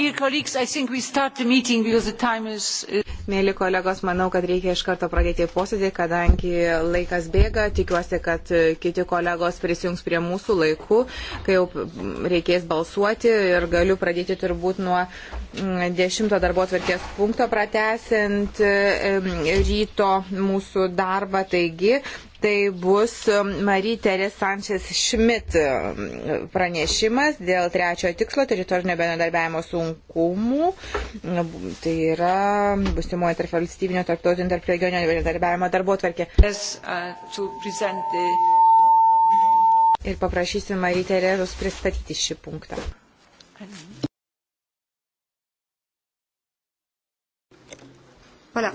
Uh, Mėly kolegos, manau, kad reikia iš karto pradėti posėdį, kadangi laikas bėga. Tikiuosi, kad e, kiti kolegos prisijungs prie mūsų laikų, kai jau reikės balsuoti ir galiu pradėti turbūt nuo dešimto darbo atverkės punkto pratesiant e, ryto mūsų darbą. Taigi, Tai bus um, Marie Teres Sančias Šmit um, pranešimas dėl trečiojo tikslo teritorinio bendradarbiavimo sunkumų. Tai yra busimoje tarp valstybinio tarptautinio tarp regioninio bendradarbiavimo darbo tvarkė. Uh, Ir paprašysiu Marie Teresus pristatyti šį punktą. Voilà.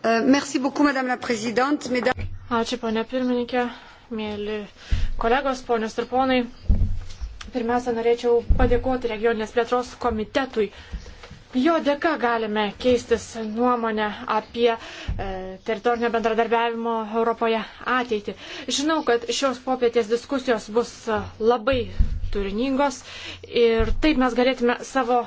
Euh, merci beaucoup, Madame la Présidente. Mesdames... Ačiū, ponė pirmininkė, mėly kolegos, ponios ir ponai. Pirmiausia, norėčiau padėkoti regioninės plėtros komitetui. Jo dėka galime keistis nuomonę apie e, teritorinio bendradarbiavimo Europoje ateitį. Žinau, kad šios popietės diskusijos bus labai turiningos ir taip mes galėtume savo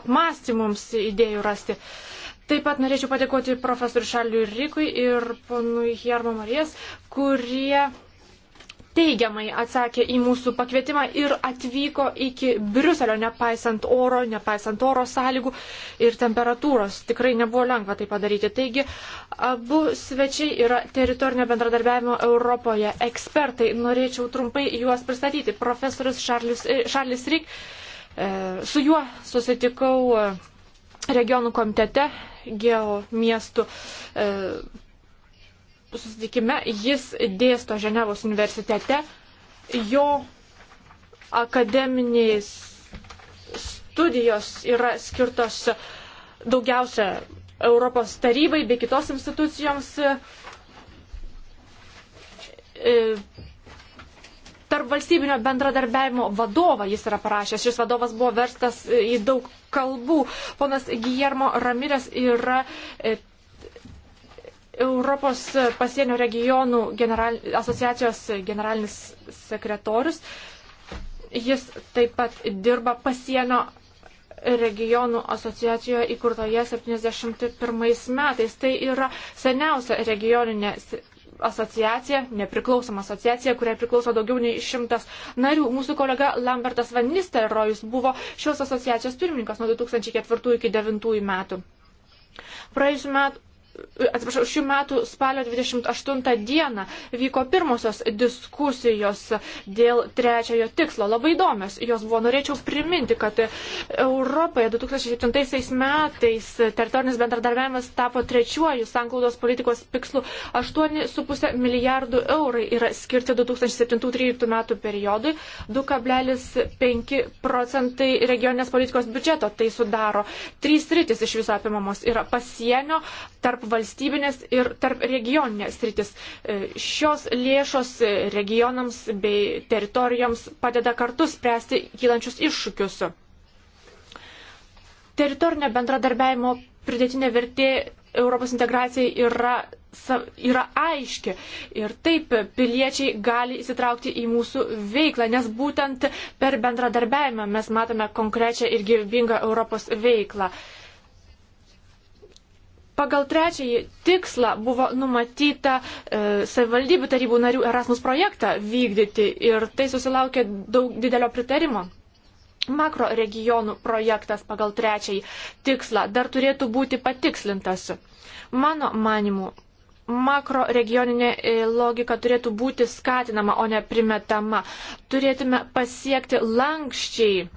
apmąstymums idėjų rasti. E, Taip pat norėčiau padėkoti profesoriui Šarliui Rikui ir ponui Hiermo Marijas, kurie teigiamai atsakė į mūsų pakvietimą ir atvyko iki Briuselio, nepaisant oro, nepaisant oro sąlygų ir temperatūros. Tikrai nebuvo lengva tai padaryti. Taigi, abu svečiai yra teritorinio bendradarbiavimo Europoje ekspertai. Norėčiau trumpai juos pristatyti. Profesorius Šarlis, Šarlis Rik, e, su juo susitikau e, regionų komitete, geo miestų e, susitikime, jis dėsto Ženevos universitete, jo akademinės studijos yra skirtos daugiausia Europos tarybai bei kitos institucijoms. E, tarp valstybinio bendradarbiavimo vadovą jis yra parašęs. Šis vadovas buvo verstas e, į daug kalbų. Ponas Guillermo Ramirės yra e, Europos pasienio regionų general, asociacijos generalinis sekretorius. Jis taip pat dirba pasienio regionų asociacijoje įkurtoje 71 metais. Tai yra seniausia regioninė asociacija, nepriklausoma asociacija, kuriai priklauso daugiau nei šimtas narių. Mūsų kolega Lambertas Van Nistelrojus buvo šios asociacijos pirmininkas nuo 2004 iki 2009 metų. Praėjusiu metu atsiprašau, šių metų spalio 28 dieną vyko pirmosios diskusijos dėl trečiojo tikslo. Labai įdomios jos buvo. Norėčiau priminti, kad Europoje 2007 metais teritorinis bendradarbiavimas tapo trečiuoju sanklaudos politikos tikslu. 8,5 milijardų eurai yra skirti 2007-2013 metų periodui. 2,5 procentai regioninės politikos biudžeto tai sudaro. Trys rytis iš viso apimamos yra pasienio tarp tarp valstybinės ir tarp regioninės rytis. E, šios lėšos e, regionams bei teritorijoms padeda kartu spręsti kylančius iššūkius. Teritorinio bendradarbiajimo pridėtinė vertė Europos integracijai yra, yra aiški. Ir taip piliečiai gali įsitraukti į mūsų veiklą, nes būtent per bendradarbiavimą mes matome konkrečią ir gyvybingą Europos veiklą. Uh, Pagal trečiąjį tikslą buvo numatyta e, savivaldybių tarybų narių Erasmus projektą vykdyti ir tai susilaukė daug didelio pritarimo. Makro regionų projektas pagal trečiąjį tikslą dar turėtų būti patikslintas. Mano manimu, makro regioninė e, logika turėtų būti skatinama, o ne primetama. Turėtume pasiekti lankščiai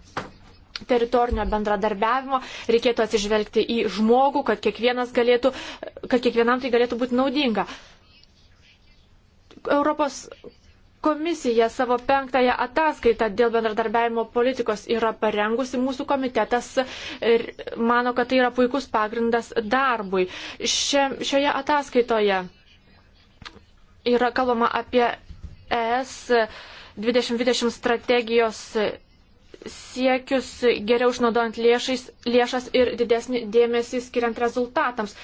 teritorinio bendradarbiavimo, reikėtų atsižvelgti į žmogų, kad, galėtų, kad kiekvienam tai galėtų būti naudinga. Europos komisija savo penktąją ataskaitą dėl bendradarbiavimo politikos yra parengusi, mūsų komitetas mano, kad tai yra puikus pagrindas darbui. Šia, šioje ataskaitoje yra kalbama apie ES 2020 strategijos siekius, geriau išnaudojant lėšais, lėšas ir didesnį dėmesį skiriant rezultatams.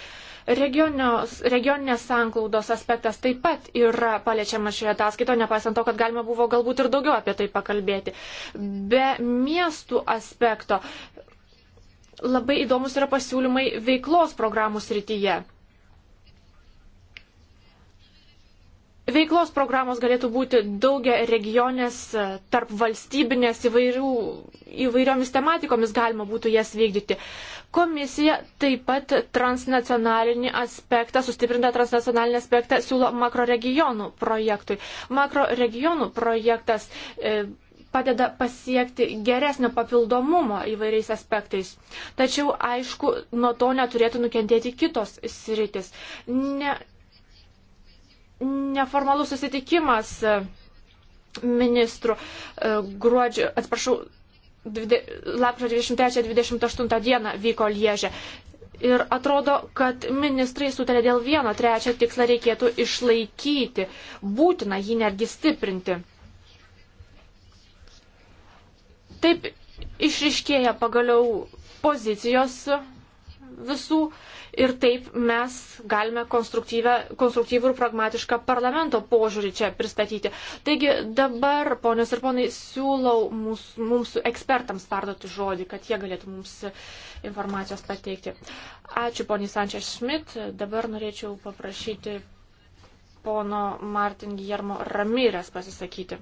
Regionios, regioninės sanklaudos aspektas taip pat yra paliečiamas šioje ataskaitoje, nepaisant to, kad galima buvo galbūt ir daugiau apie tai pakalbėti. Be miestų aspekto labai įdomus yra pasiūlymai veiklos programų srityje. Veiklos programos galėtų būti daugia regionės, e, tarp valstybinės įvairių, įvairiomis tematikomis galima būtų jas vykdyti. Komisija taip pat transnacionalinį aspektą, sustiprintą transnacionalinį aspektą siūlo makroregionų projektui. Makroregionų projektas e, padeda pasiekti geresnio papildomumo įvairiais aspektais. Tačiau, aišku, nuo to neturėtų nukentėti kitos sritis. Ne, neformalus susitikimas e, ministrų e, gruodžio, atsiprašau, lapkričio 23-28 dieną vyko Liežė. Ir atrodo, kad ministrai sutarė dėl vieno trečio tikslą reikėtų išlaikyti, būtina jį netgi stiprinti. Taip išriškėja pagaliau pozicijos visų ir taip mes galime konstruktyvų ir pragmatišką parlamento požiūrį čia pristatyti. Taigi dabar, ponios ir ponai, siūlau mūsų, mūsų ekspertams perduoti žodį, kad jie galėtų mums informacijos pateikti. Ačiū, poniai Sančias Šmit. Dabar norėčiau paprašyti pono Martin Giermo Ramyrės pasisakyti.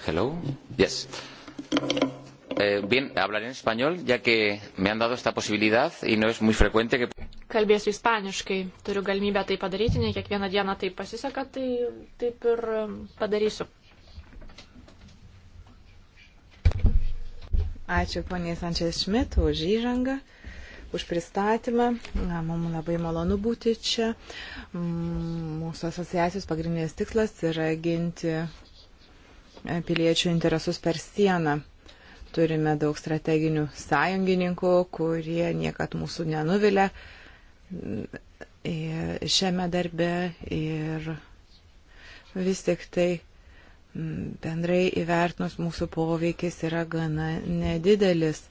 Hello? Yes. Eh, bien, hablaré en español, ya que me han dado esta posibilidad y no es muy frecuente que. Kalbėsiu ispaniškai, turiu galimybę tai padaryti, ne kiekvieną dieną tai pasiseka, tai taip ir padarysiu. Ačiū poniai Sančias Šmit už įžangą, už pristatymą. Na, mums labai malonu būti čia. Mm, mūsų asociacijos pagrindinis tikslas yra ginti piliečių interesus per sieną. Turime daug strateginių sąjungininkų, kurie niekad mūsų nenuvilia e, šiame darbe ir vis tik tai bendrai įvertinus mūsų poveikis yra gana nedidelis.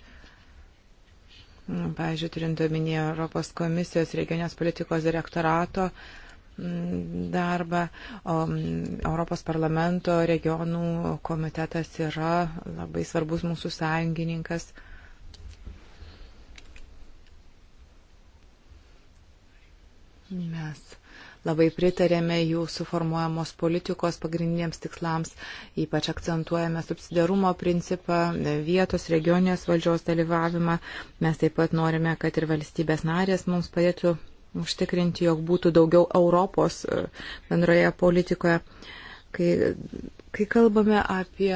Pavyzdžiui, turint omenyje Europos komisijos regionės politikos direktorato darbą. O Europos parlamento regionų komitetas yra labai svarbus mūsų sąjungininkas. Mes labai pritarėme jų suformuojamos politikos pagrindiniams tikslams, ypač akcentuojame subsidarumo principą, vietos regionės valdžios dalyvavimą. Mes taip pat norime, kad ir valstybės narės mums padėtų užtikrinti, jog būtų daugiau Europos e, bendroje politikoje. Kai, kai kalbame apie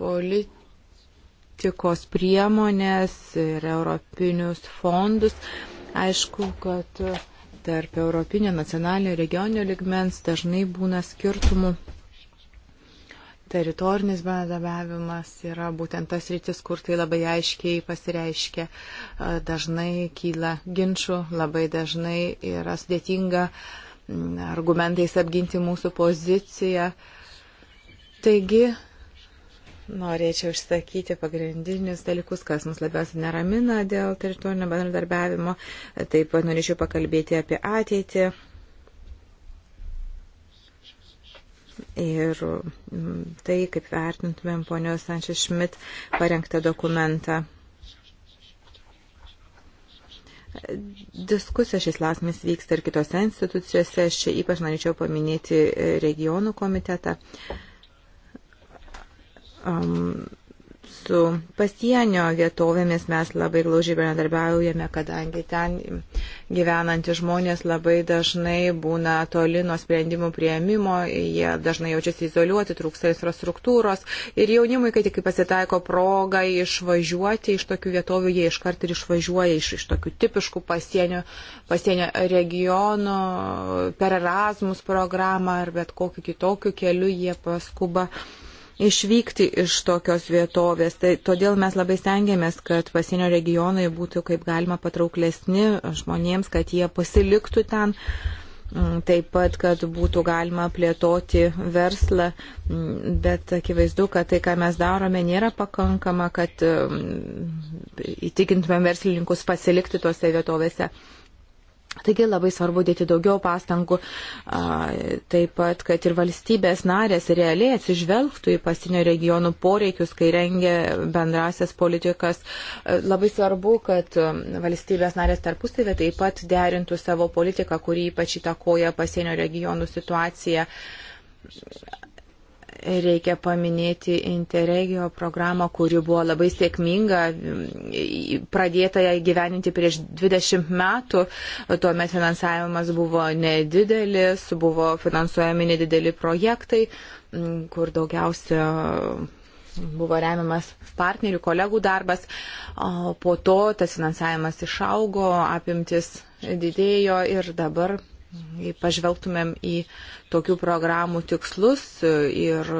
politikos priemonės ir europinius fondus, aišku, kad tarp europinio, nacionalinio, regioninio ligmens dažnai būna skirtumų teritorinis bendradavimas yra būtent tas rytis, kur tai labai aiškiai pasireiškia. Dažnai kyla ginčių, labai dažnai yra sudėtinga argumentais apginti mūsų poziciją. Taigi, norėčiau išsakyti pagrindinius dalykus, kas mus labiausiai neramina dėl teritorinio bendradarbiavimo. Taip pat norėčiau pakalbėti apie ateitį, ir mm, tai, kaip vertintumėm ponios Sančias Šmit parengtą dokumentą. Diskusija šiais lasmės vyksta ir kitose institucijose. Aš čia ypač norėčiau paminėti regionų komitetą. Um, su pasienio vietovėmis mes labai glaužiai bendradarbiaujame, kadangi ten gyvenantys žmonės labai dažnai būna toli nuo sprendimų prieimimo, jie dažnai jaučiasi izoliuoti, trūksta infrastruktūros ir jaunimui, kai tik pasitaiko proga išvažiuoti iš tokių vietovių, jie iškart ir išvažiuoja iš, iš tokių tipiškų pasienio, pasienio regionų per Erasmus programą ar bet kokiu kitokiu keliu jie paskuba. Uh, išvykti iš tokios vietovės. Tai todėl mes labai stengiamės, kad pasienio regionai būtų kaip galima patrauklesni žmonėms, kad jie pasiliktų ten. Mm, taip pat, kad būtų galima plėtoti verslą, mm, bet akivaizdu, kad tai, ką mes darome, nėra pakankama, kad mm, įtikintumėm verslininkus pasilikti tuose vietovėse. Taigi labai svarbu dėti daugiau pastangų, taip pat, kad ir valstybės narės realiai atsižvelgtų į pasienio regionų poreikius, kai rengia bendrasias politikas. Labai svarbu, kad valstybės narės tarpusavė taip pat derintų savo politiką, kuri ypač įtakoja pasienio regionų situaciją Reikia paminėti Interregio programą, kuri buvo labai sėkminga, pradėta ją gyveninti prieš 20 metų. Tuomet finansavimas buvo nedidelis, buvo finansuojami nedideli projektai, kur daugiausia buvo remiamas partnerių, kolegų darbas, o po to tas finansavimas išaugo, apimtis didėjo ir dabar Jei pažvelgtumėm į tokių programų tikslus ir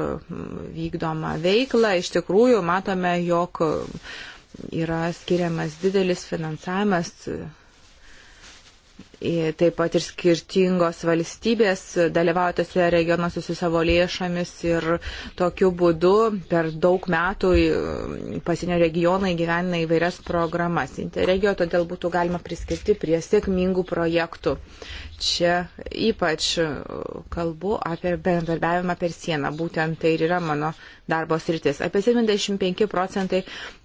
vykdomą veiklą, iš tikrųjų matome, jog yra skiriamas didelis finansavimas taip pat ir skirtingos valstybės dalyvauja tose regionuose su savo lėšomis ir tokiu būdu per daug metų pasienio regionai gyvena įvairias programas. Interregio todėl būtų galima priskirti prie sėkmingų projektų. Uh, čia ypač kalbu apie bendradarbiavimą per sieną. Būtent tai ir yra mano darbo sritis. Apie 75 procentai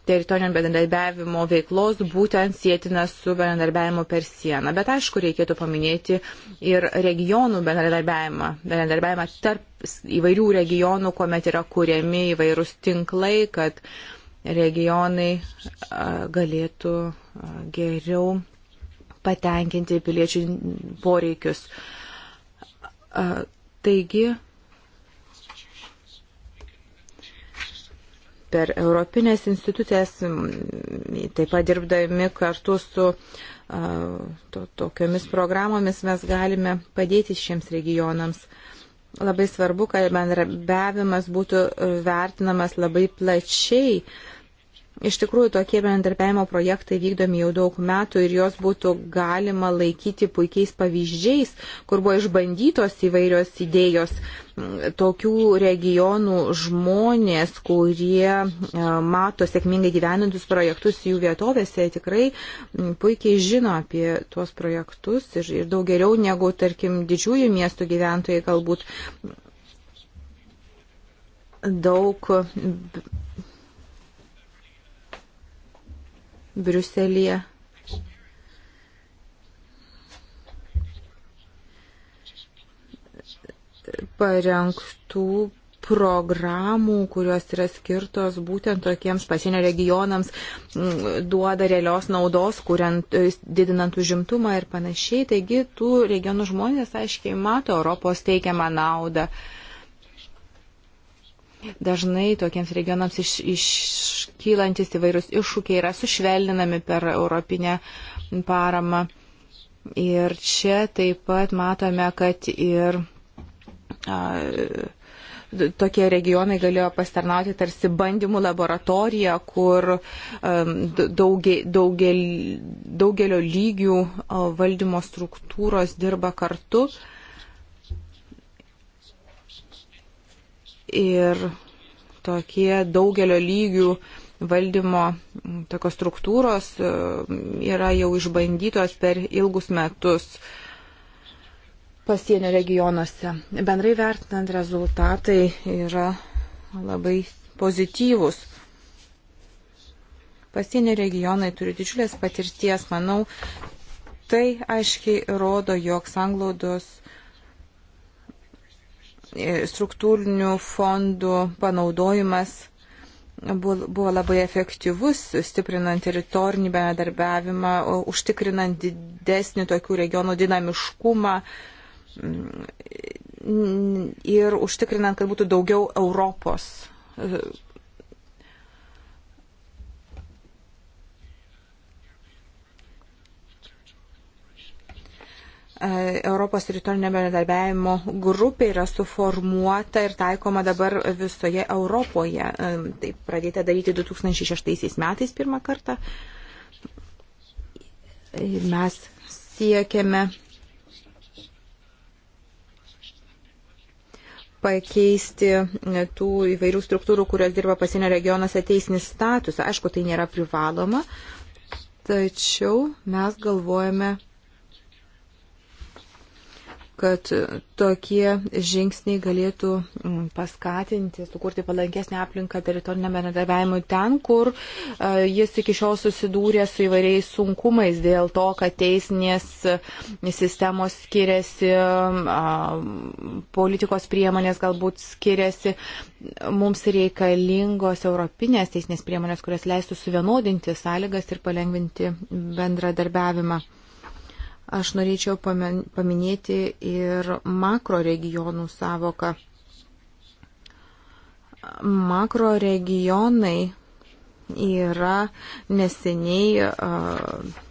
teritorinio bendradarbiavimo veiklos būtent sėtina su bendradarbiavimu per sieną. Bet aišku, reikėtų paminėti ir regionų bendradarbiavimą. Bendradarbiavimą tarp įvairių regionų, kuomet yra kuriami įvairūs tinklai, kad regionai galėtų geriau patenkinti piliečių poreikius. Taigi, per Europinės institucijas, taip pat dirbdami kartu su to, tokiomis programomis mes galime padėti šiems regionams. Labai svarbu, kad bendrabiavimas būtų vertinamas labai plačiai. Uh, Iš tikrųjų, tokie bendarbiavimo projektai vykdomi jau daug metų ir jos būtų galima laikyti puikiais pavyzdžiais, kur buvo išbandytos įvairios idėjos tokių regionų žmonės, kurie e, mato sėkmingai gyvenantus projektus jų vietovėse, tikrai puikiai žino apie tuos projektus ir, ir daug geriau negu, tarkim, didžiųjų miestų gyventojai galbūt daug Briuselėje. parengtų programų, kurios yra skirtos būtent tokiems pasienio regionams, mm, duoda realios naudos, kuriant, e, didinant užimtumą ir panašiai. Taigi tų regionų žmonės aiškiai mato Europos teikiamą naudą. Uh, Dažnai tokiems regionams iš, iškylantis įvairūs iššūkiai yra sušvelninami per europinę paramą. Ir čia taip pat matome, kad ir a, tokie regionai galėjo pastarnauti tarsi bandymų laboratoriją, kur daugie, daugel, daugelio lygių valdymo struktūros dirba kartu. Uh, ir tokie daugelio lygių valdymo tokios struktūros e, yra jau išbandytos per ilgus metus pasienio regionuose. Bendrai vertinant rezultatai yra labai pozityvus. Pasienio regionai turi didžiulės patirties, manau, tai aiškiai rodo, jog sanglaudos E, struktūrinių fondų panaudojimas buvo labai efektyvus, stiprinant teritorinį bendradarbiavimą, užtikrinant didesnį tokių regionų dinamiškumą mm, ir užtikrinant, kad būtų daugiau Europos e, E, Europos teritorinio bendradarbiavimo grupė yra suformuota ir taikoma dabar visoje Europoje. E, tai pradėta daryti 2006 metais pirmą kartą. Ir mes siekiame pakeisti tų įvairių struktūrų, kurios dirba pasienio regionuose teisinį statusą. Aišku, tai nėra privaloma, tačiau mes galvojame kad tokie žingsniai galėtų mm, paskatinti, sukurti palankesnę aplinką teritoriniam bendradarbiavimui ten, kur jis iki šiol susidūrė su įvairiais sunkumais dėl to, kad teisinės sistemos skiriasi, politikos priemonės galbūt skiriasi. Mums reikalingos europinės teisinės priemonės, kurias leistų suvienodinti sąlygas ir palengvinti bendradarbiavimą. Aš norėčiau paminėti ir makro regionų savoką. Makro regionai yra neseniai uh,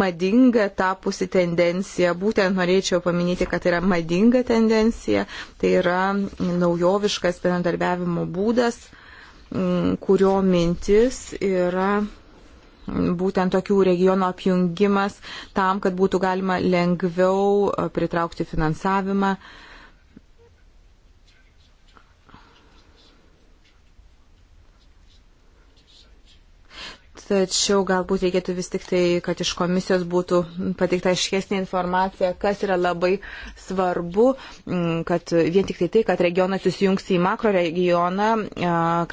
madinga tapusi tendencija, būtent norėčiau paminėti, kad tai yra madinga tendencija, tai yra naujoviškas bendradarbiavimo būdas, kurio mintis yra būtent tokių regionų apjungimas tam, kad būtų galima lengviau e, pritraukti finansavimą. Uh, Tačiau galbūt reikėtų vis tik tai, kad iš komisijos būtų pateikta aiškesnė informacija, kas yra labai svarbu, mm, kad vien tik tai tai, kad regionas susijungs į makro regioną,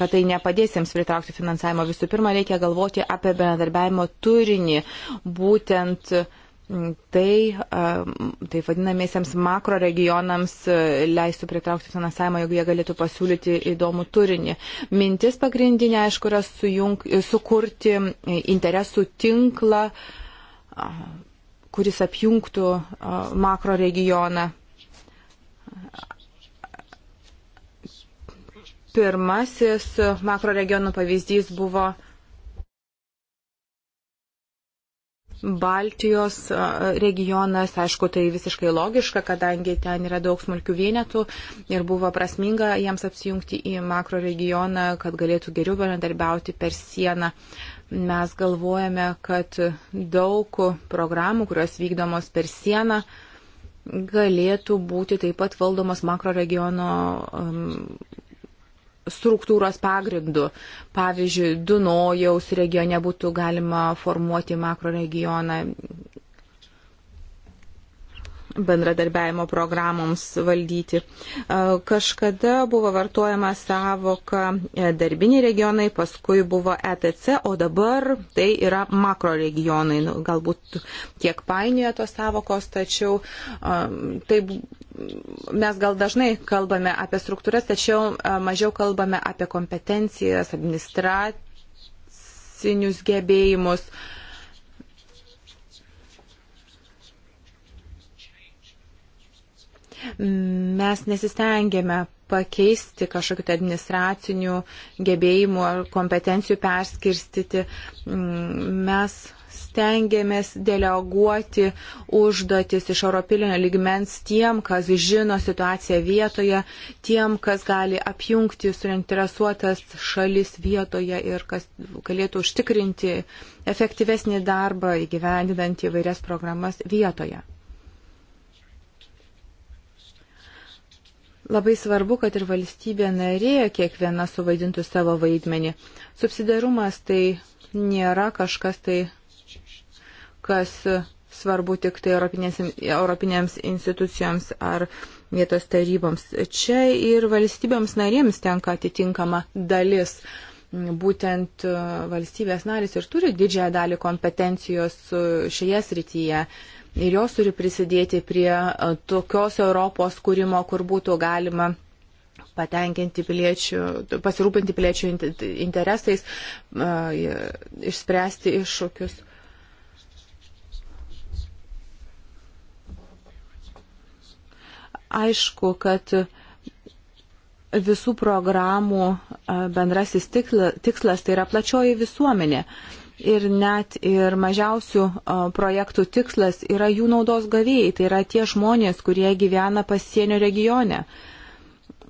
kad tai nepadės jiems pritraukti finansavimo. Visų pirma, reikia galvoti apie bendradarbiavimo turinį, būtent uh, tai, tai vadinamiesiems makro regionams e, leistų pritraukti finansavimą, jeigu jie galėtų pasiūlyti įdomų turinį. Mintis pagrindinė, aišku, yra sujung, sukurti interesų tinklą, kuris apjungtų makro regioną. Pirmasis makro regionų pavyzdys buvo Baltijos regionas, aišku, tai visiškai logiška, kadangi ten yra daug smulkių vienetų ir buvo prasminga jiems apsijungti į makro regioną, kad galėtų geriau bendradarbiauti per sieną. Mes galvojame, kad daug programų, kurios vykdomos per sieną, galėtų būti taip pat valdomos makro regiono um, struktūros pagrindu. Pavyzdžiui, Dunojaus regione būtų galima formuoti makroregioną bendradarbiajimo programoms valdyti. Kažkada buvo vartojama savoka e, darbiniai regionai, paskui buvo ETC, o dabar tai yra makro regionai. Nu, galbūt kiek painioja tos savokos, tačiau tai mes gal dažnai kalbame apie struktūras, tačiau e, mažiau kalbame apie kompetencijas, administracinius gebėjimus. Mes nesistengėme pakeisti kažkokiu tai administraciniu gebėjimu ar kompetencijų perskirstyti. Mm, mes stengiamės deleguoti užduotis iš Europilinio ligmens tiem, kas žino situaciją vietoje, tiem, kas gali apjungti suinteresuotas šalis vietoje ir kas galėtų užtikrinti efektyvesnį darbą įgyvendinant įvairias programas vietoje. Labai svarbu, kad ir valstybė narė kiekviena suvaidintų savo vaidmenį. Subsidarumas tai nėra kažkas tai kas svarbu tik tai europinės, europinėms institucijoms ar vietos taryboms. Čia ir valstybėms narėms tenka atitinkama dalis. Būtent e, valstybės narys ir turi didžiąją dalį kompetencijos e, šioje srityje ir jos turi prisidėti prie e, tokios Europos kūrimo, kur būtų galima patenkinti piliečių, pasirūpinti piliečių interesais, išspręsti iššūkius. aišku, kad visų programų bendrasis tikslas tai yra plačioji visuomenė. Ir net ir mažiausių projektų tikslas yra jų naudos gavėjai, tai yra tie žmonės, kurie gyvena pasienio regione.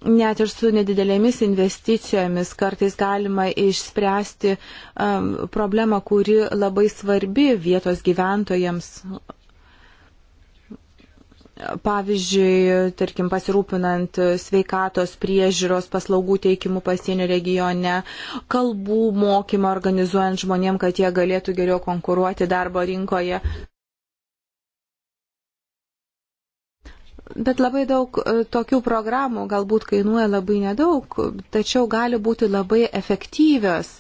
Net ir su nedidelėmis investicijomis kartais galima išspręsti um, problemą, kuri labai svarbi vietos gyventojams, Pavyzdžiui, tarkim, pasirūpinant sveikatos priežiūros paslaugų teikimų pasienio regione, kalbų mokymą organizuojant žmonėm, kad jie galėtų geriau konkuruoti darbo rinkoje. Bet labai daug e, tokių programų galbūt kainuoja labai nedaug, tačiau gali būti labai efektyvios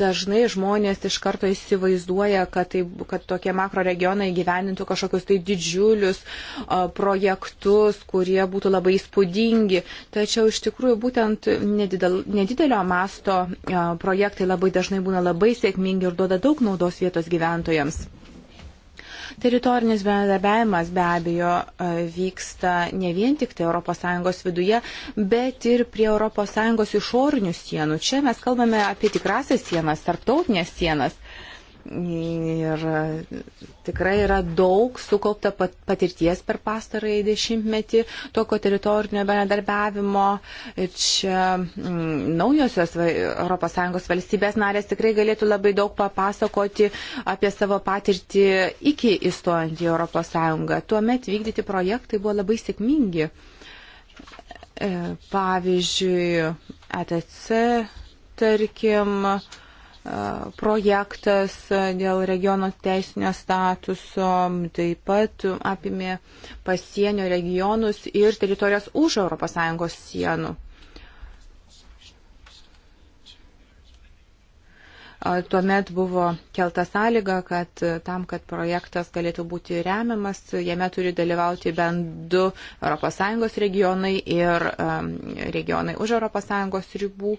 Dažnai žmonės iš karto įsivaizduoja, kad, tai, kad tokie makro regionai gyvenintų kažkokius tai didžiulius projektus, kurie būtų labai įspūdingi. Tačiau iš tikrųjų būtent nedidel, nedidelio masto projektai labai dažnai būna labai sėkmingi ir duoda daug naudos vietos gyventojams. Teritorinis bendradarbiavimas be abejo e, vyksta ne vien tik tai ES viduje, bet ir prie ES išorinių sienų. Čia mes kalbame apie tikrasias sienas, tarptautinės sienas. Ir tikrai yra daug sukaupta patirties per pastarąjį dešimtmetį tokio teritorinio bendradarbiavimo. Ir čia mm, naujosios ES valstybės narės tikrai galėtų labai daug papasakoti apie savo patirtį iki įstojant į ES. Tuomet vykdyti projektai buvo labai sėkmingi. E, pavyzdžiui, ATC, tarkim, projektas dėl regiono teisinio statuso taip pat apimė pasienio regionus ir teritorijas už ES sienų. Tuomet buvo kelta sąlyga, kad e, tam, kad projektas galėtų būti remiamas, jame turi dalyvauti bent du ES regionai ir regionai už ES ribų.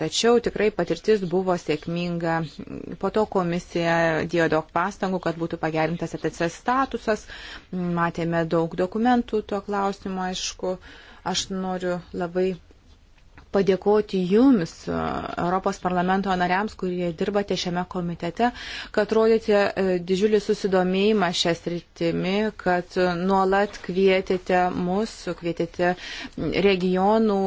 Tačiau tikrai patirtis buvo sėkminga. Po to komisija dėjo daug pastangų, kad būtų pagerintas ATC e statusas. Matėme daug dokumentų tuo klausimu, aišku. Aš noriu labai padėkoti Jums, Europos parlamento nariams, kurie dirbate šiame komitete, kad rodėte e, didžiulį susidomėjimą šią sritimi, kad nuolat kvietėte mus, kvietėte regionų,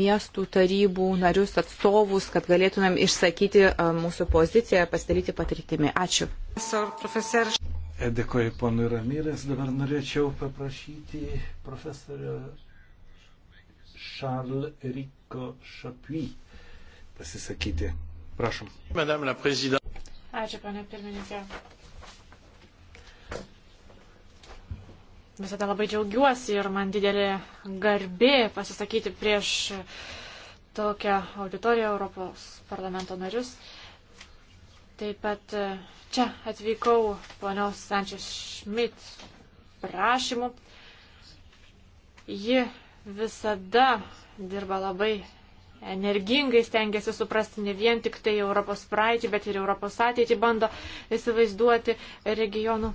miestų tarybų narius, atstovus, kad galėtumėm išsakyti mūsų poziciją, pasidalyti patirtimi. Ačiū. E, dėkoju ponui Ramyrės. Dabar norėčiau paprašyti profesorio Charles Rick Košapy pasisakyti. Prašom. Madame la prezident. Ačiū, panė pirmininkė. Visada labai džiaugiuosi ir man didelė garbė pasisakyti prieš tokią auditoriją Europos parlamento narius. Taip pat e, čia atvykau ponios Sančias Šmit prašymu. Ji visada dirba labai energingai, stengiasi suprasti ne vien tik tai Europos praeitį, bet ir Europos ateitį, bando įsivaizduoti regionų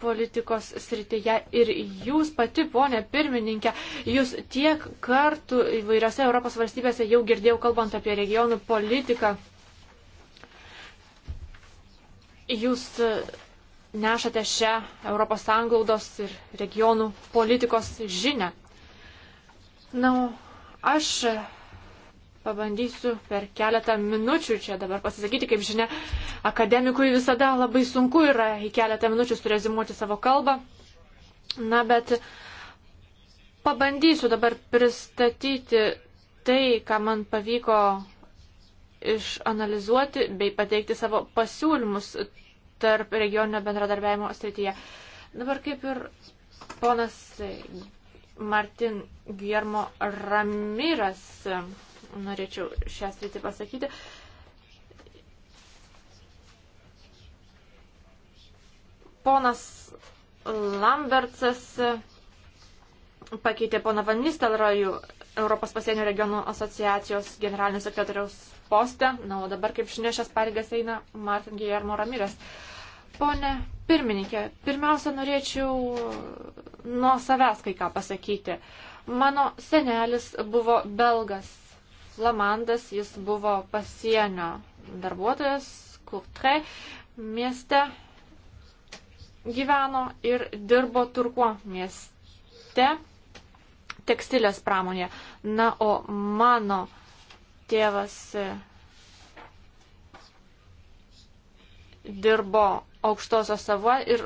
politikos srityje. Ir jūs pati, ponė pirmininkė, jūs tiek kartų įvairiose Europos valstybėse jau girdėjau kalbant apie regionų politiką. Jūs nešate šią Europos sanglaudos ir regionų politikos žinę. Na, Aš pabandysiu per keletą minučių čia dabar pasisakyti, kaip žinia, akademikui visada labai sunku yra į keletą minučių surezimuoti savo kalbą. Na, bet pabandysiu dabar pristatyti tai, ką man pavyko išanalizuoti bei pateikti savo pasiūlymus tarp regioninio bendradarbiavimo srityje. Dabar kaip ir ponas Martin Guillermo Ramiras, norėčiau šią sritį pasakyti. Ponas Lambertsas pakeitė poną Van Nistelrojų Europos pasienio regionų asociacijos generalinio sekretoriaus poste. Na, o dabar, kaip žinia, šias pareigas eina Martin Guillermo Ramirės. Uh, Pone pirmininkė, pirmiausia, norėčiau nuo savęs kai ką pasakyti. Mano senelis buvo belgas, flamandas, jis buvo pasienio darbuotojas, kurtre mieste gyveno ir dirbo turkuo mieste tekstilės pramonėje. Na, o mano tėvas e, dirbo aukštosios savo ir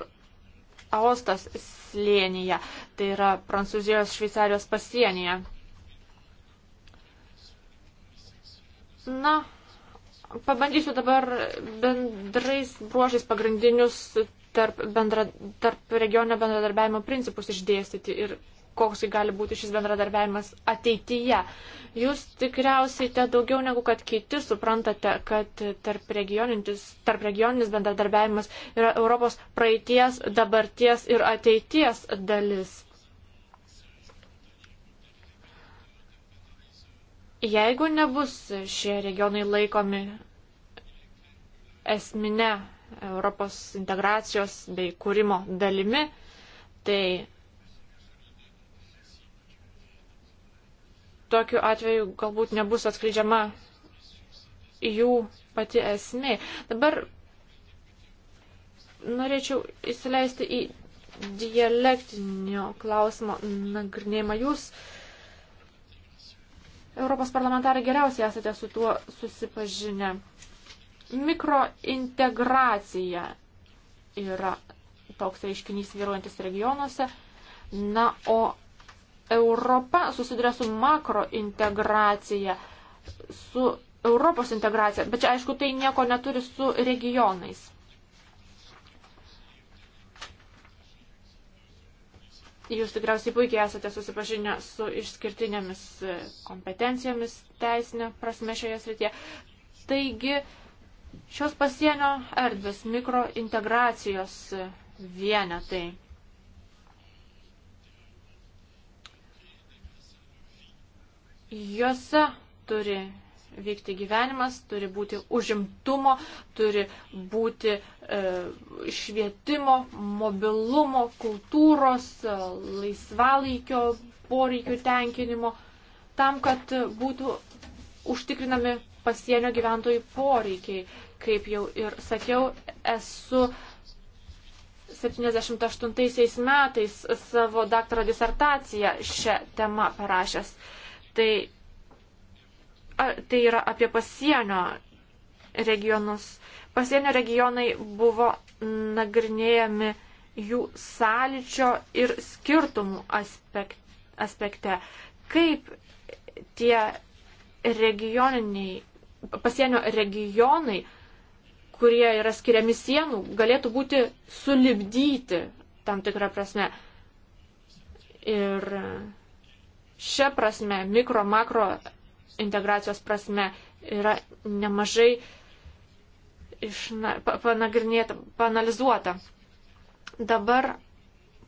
Aostos slėnyje, tai yra Prancūzijos Šveicarijos pasienyje. Na, pabandysiu dabar bendrais bruožais pagrindinius tarp, bendra, tarp regioninio bendradarbiavimo principus išdėstyti ir koks gali būti šis bendradarbiavimas ateityje. Jūs tikriausiai te daugiau negu kad kiti suprantate, kad tarp regioninis, tarp regioninis bendradarbiavimas yra Europos praeities, dabarties ir ateities dalis. Jeigu nebus šie regionai laikomi esminė Europos integracijos bei kūrimo dalimi, tai tokiu atveju galbūt nebus atskleidžiama jų pati esmė. Dabar norėčiau įsileisti į dialektinio klausimo nagrinėjimą. Jūs, Europos parlamentarai, geriausiai esate su tuo susipažinę. Mikrointegracija yra toks reiškinys vyruojantis regionuose. Na, o Europa susiduria su makro integracija, su Europos integracija, bet čia aišku tai nieko neturi su regionais. Jūs tikriausiai puikiai esate susipažinę su išskirtinėmis e, kompetencijomis teisinė prasme šioje srityje. Taigi, šios pasienio erdvės mikrointegracijos e, vienetai. Juose turi vykti gyvenimas, turi būti užimtumo, turi būti e, švietimo, mobilumo, kultūros, e, laisvalaikio poreikių tenkinimo, tam, kad būtų užtikrinami pasienio gyventojų poreikiai. Kaip jau ir sakiau, esu 78 metais savo daktaro disertaciją šią temą parašęs. E, Tai, a, tai yra apie pasienio regionus. Pasienio regionai buvo nagrinėjami jų sąlyčio ir skirtumų aspekt, aspekte. Kaip tie regioniniai, pasienio regionai, kurie yra skiriami sienų, galėtų būti sulibdyti tam tikrą prasme. Ir Šia prasme, mikro, makro integracijos prasme yra nemažai iš, na, panagrinėta, panalizuota. Dabar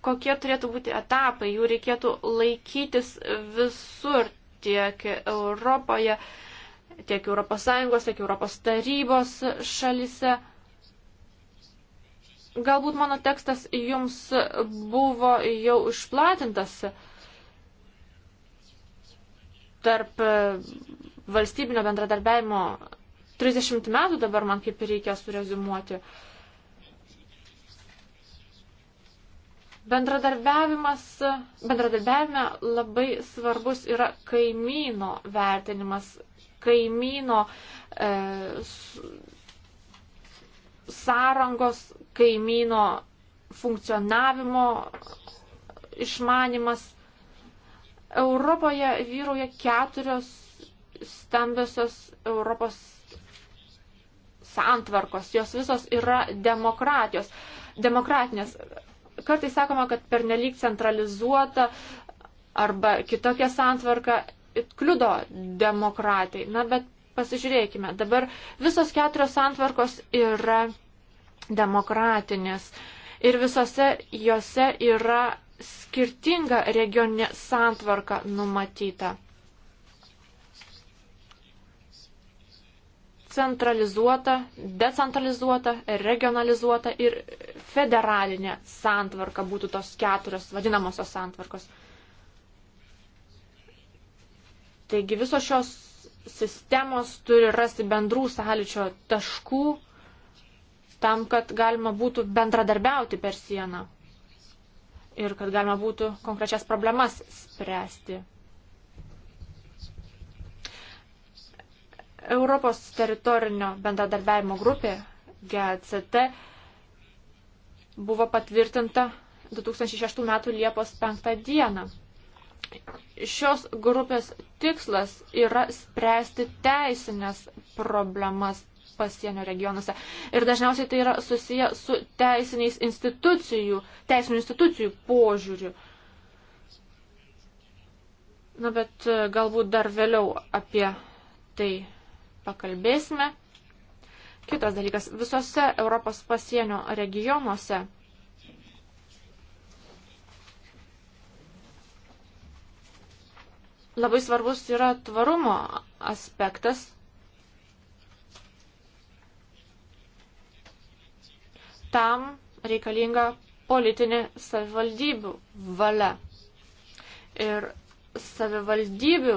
kokie turėtų būti etapai, jų reikėtų laikytis visur, tiek Europoje, tiek ES, tiek ES tarybos šalise. Galbūt mano tekstas jums buvo jau išplatintas tarp e, valstybinio bendradarbiavimo 30 metų dabar man kaip ir reikia surezumuoti. Bendradarbiavimas, bendradarbiavime labai svarbus yra kaimyno vertinimas, kaimyno e, sąrangos, kaimyno funkcionavimo išmanimas Europoje vyrauja keturios stambiosios Europos santvarkos, jos visos yra demokratijos, demokratinės. Kartais sakoma, kad pernelyg centralizuota arba kitokia santvarka kliudo demokratai. Na, bet pasižiūrėkime, dabar visos keturios santvarkos yra demokratinės ir visose jose yra skirtinga regioninė santvarka numatyta. Centralizuota, decentralizuota, regionalizuota ir federalinė santvarka būtų tos keturios vadinamosios santvarkos. Taigi visos šios sistemos turi rasti bendrų sąlyčio taškų tam, kad galima būtų bendradarbiauti per sieną ir kad galima būtų konkrečias problemas spręsti. Europos teritorinio bendradarbiavimo grupė GCT buvo patvirtinta 2006 m. Liepos 5 d. Šios grupės tikslas yra spręsti teisinės problemas pasienio regionuose. Ir dažniausiai tai yra susiję su teisiniais institucijų, teisinių institucijų požiūriu. Na, bet e, galbūt dar vėliau apie tai pakalbėsime. Kitas dalykas, visose Europos pasienio regionuose labai svarbus yra tvarumo aspektas tam reikalinga politinė savivaldybių valia. Ir savivaldybių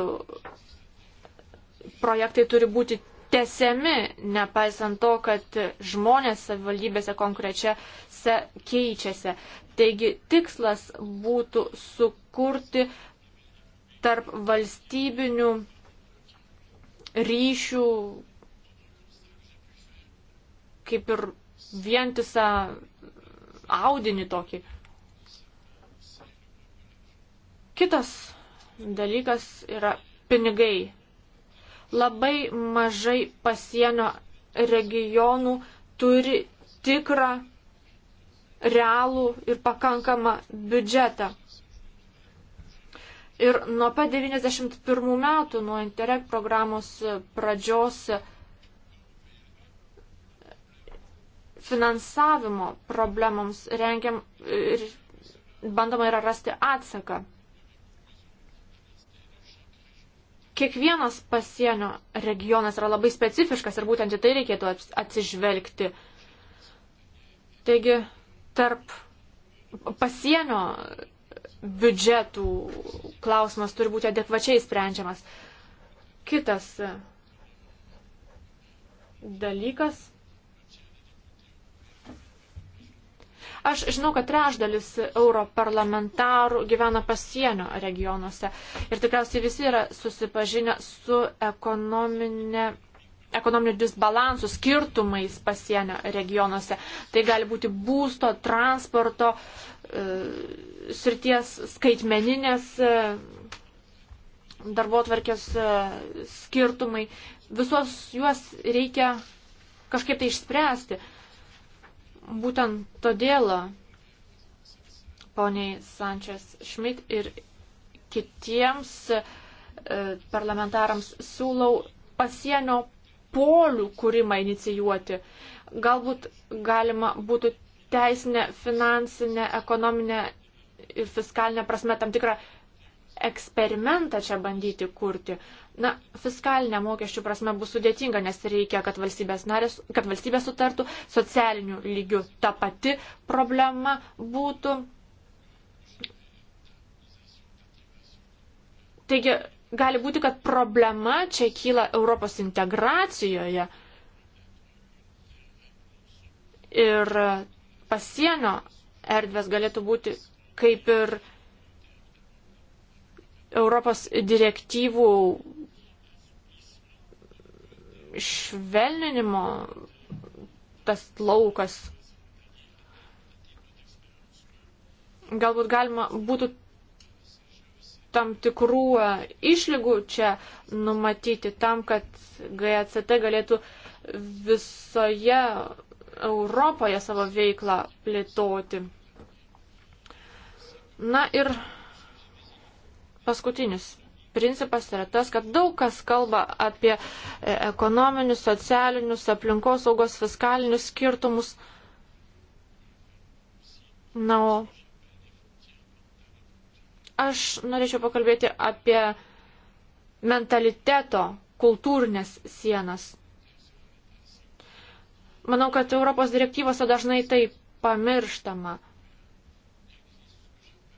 projektai turi būti tesiami, nepaisant to, kad žmonės savivaldybėse konkrečiose keičiasi. Taigi tikslas būtų sukurti tarp valstybinių ryšių kaip ir vientisą audinį tokį. Kitas dalykas yra pinigai. Labai mažai pasienio regionų turi tikrą, realų ir pakankamą biudžetą. Ir nuo pat 91 metų, nuo Interreg programos pradžios, finansavimo problemams rengiam ir bandoma yra rasti atsaką. Kiekvienas pasienio regionas yra labai specifiškas ir būtent į tai reikėtų atsižvelgti. Taigi, tarp pasienio biudžetų klausimas turi būti adekvačiai sprendžiamas. Kitas dalykas Aš žinau, kad trešdalis europarlamentarų gyvena pasienio regionuose ir tikriausiai visi yra susipažinę su ekonominė ekonominių disbalansų skirtumais pasienio regionuose. Tai gali būti būsto, transporto, e, srities skaitmeninės e, darbotvarkės e, skirtumai. Visos juos reikia kažkaip tai išspręsti. E, Būtent todėl poniai Sančias Šmit ir kitiems e, parlamentarams siūlau pasienio polių kūrimą inicijuoti. Galbūt galima būtų teisinė, finansinė, ekonominė ir fiskalinė prasme tam tikrą eksperimentą čia bandyti kurti. Na, fiskalinė mokesčių prasme bus sudėtinga, nes reikia, kad valstybės, narės, kad valstybės sutartų, socialinių lygių ta pati problema būtų. Taigi, gali būti, kad problema čia kyla Europos integracijoje ir pasienio erdvės galėtų būti kaip ir Europos direktyvų švelninimo tas laukas. Galbūt galima būtų tam tikrų e, išlygų čia numatyti tam, kad GACT galėtų visoje Europoje savo veiklą plėtoti. Na ir paskutinis principas yra tas, kad daug kas kalba apie e, ekonominius, socialinius, aplinkosaugos, fiskalinius skirtumus. Na, o aš norėčiau pakalbėti apie mentaliteto kultūrinės sienas. Manau, kad Europos direktyvose dažnai tai pamirštama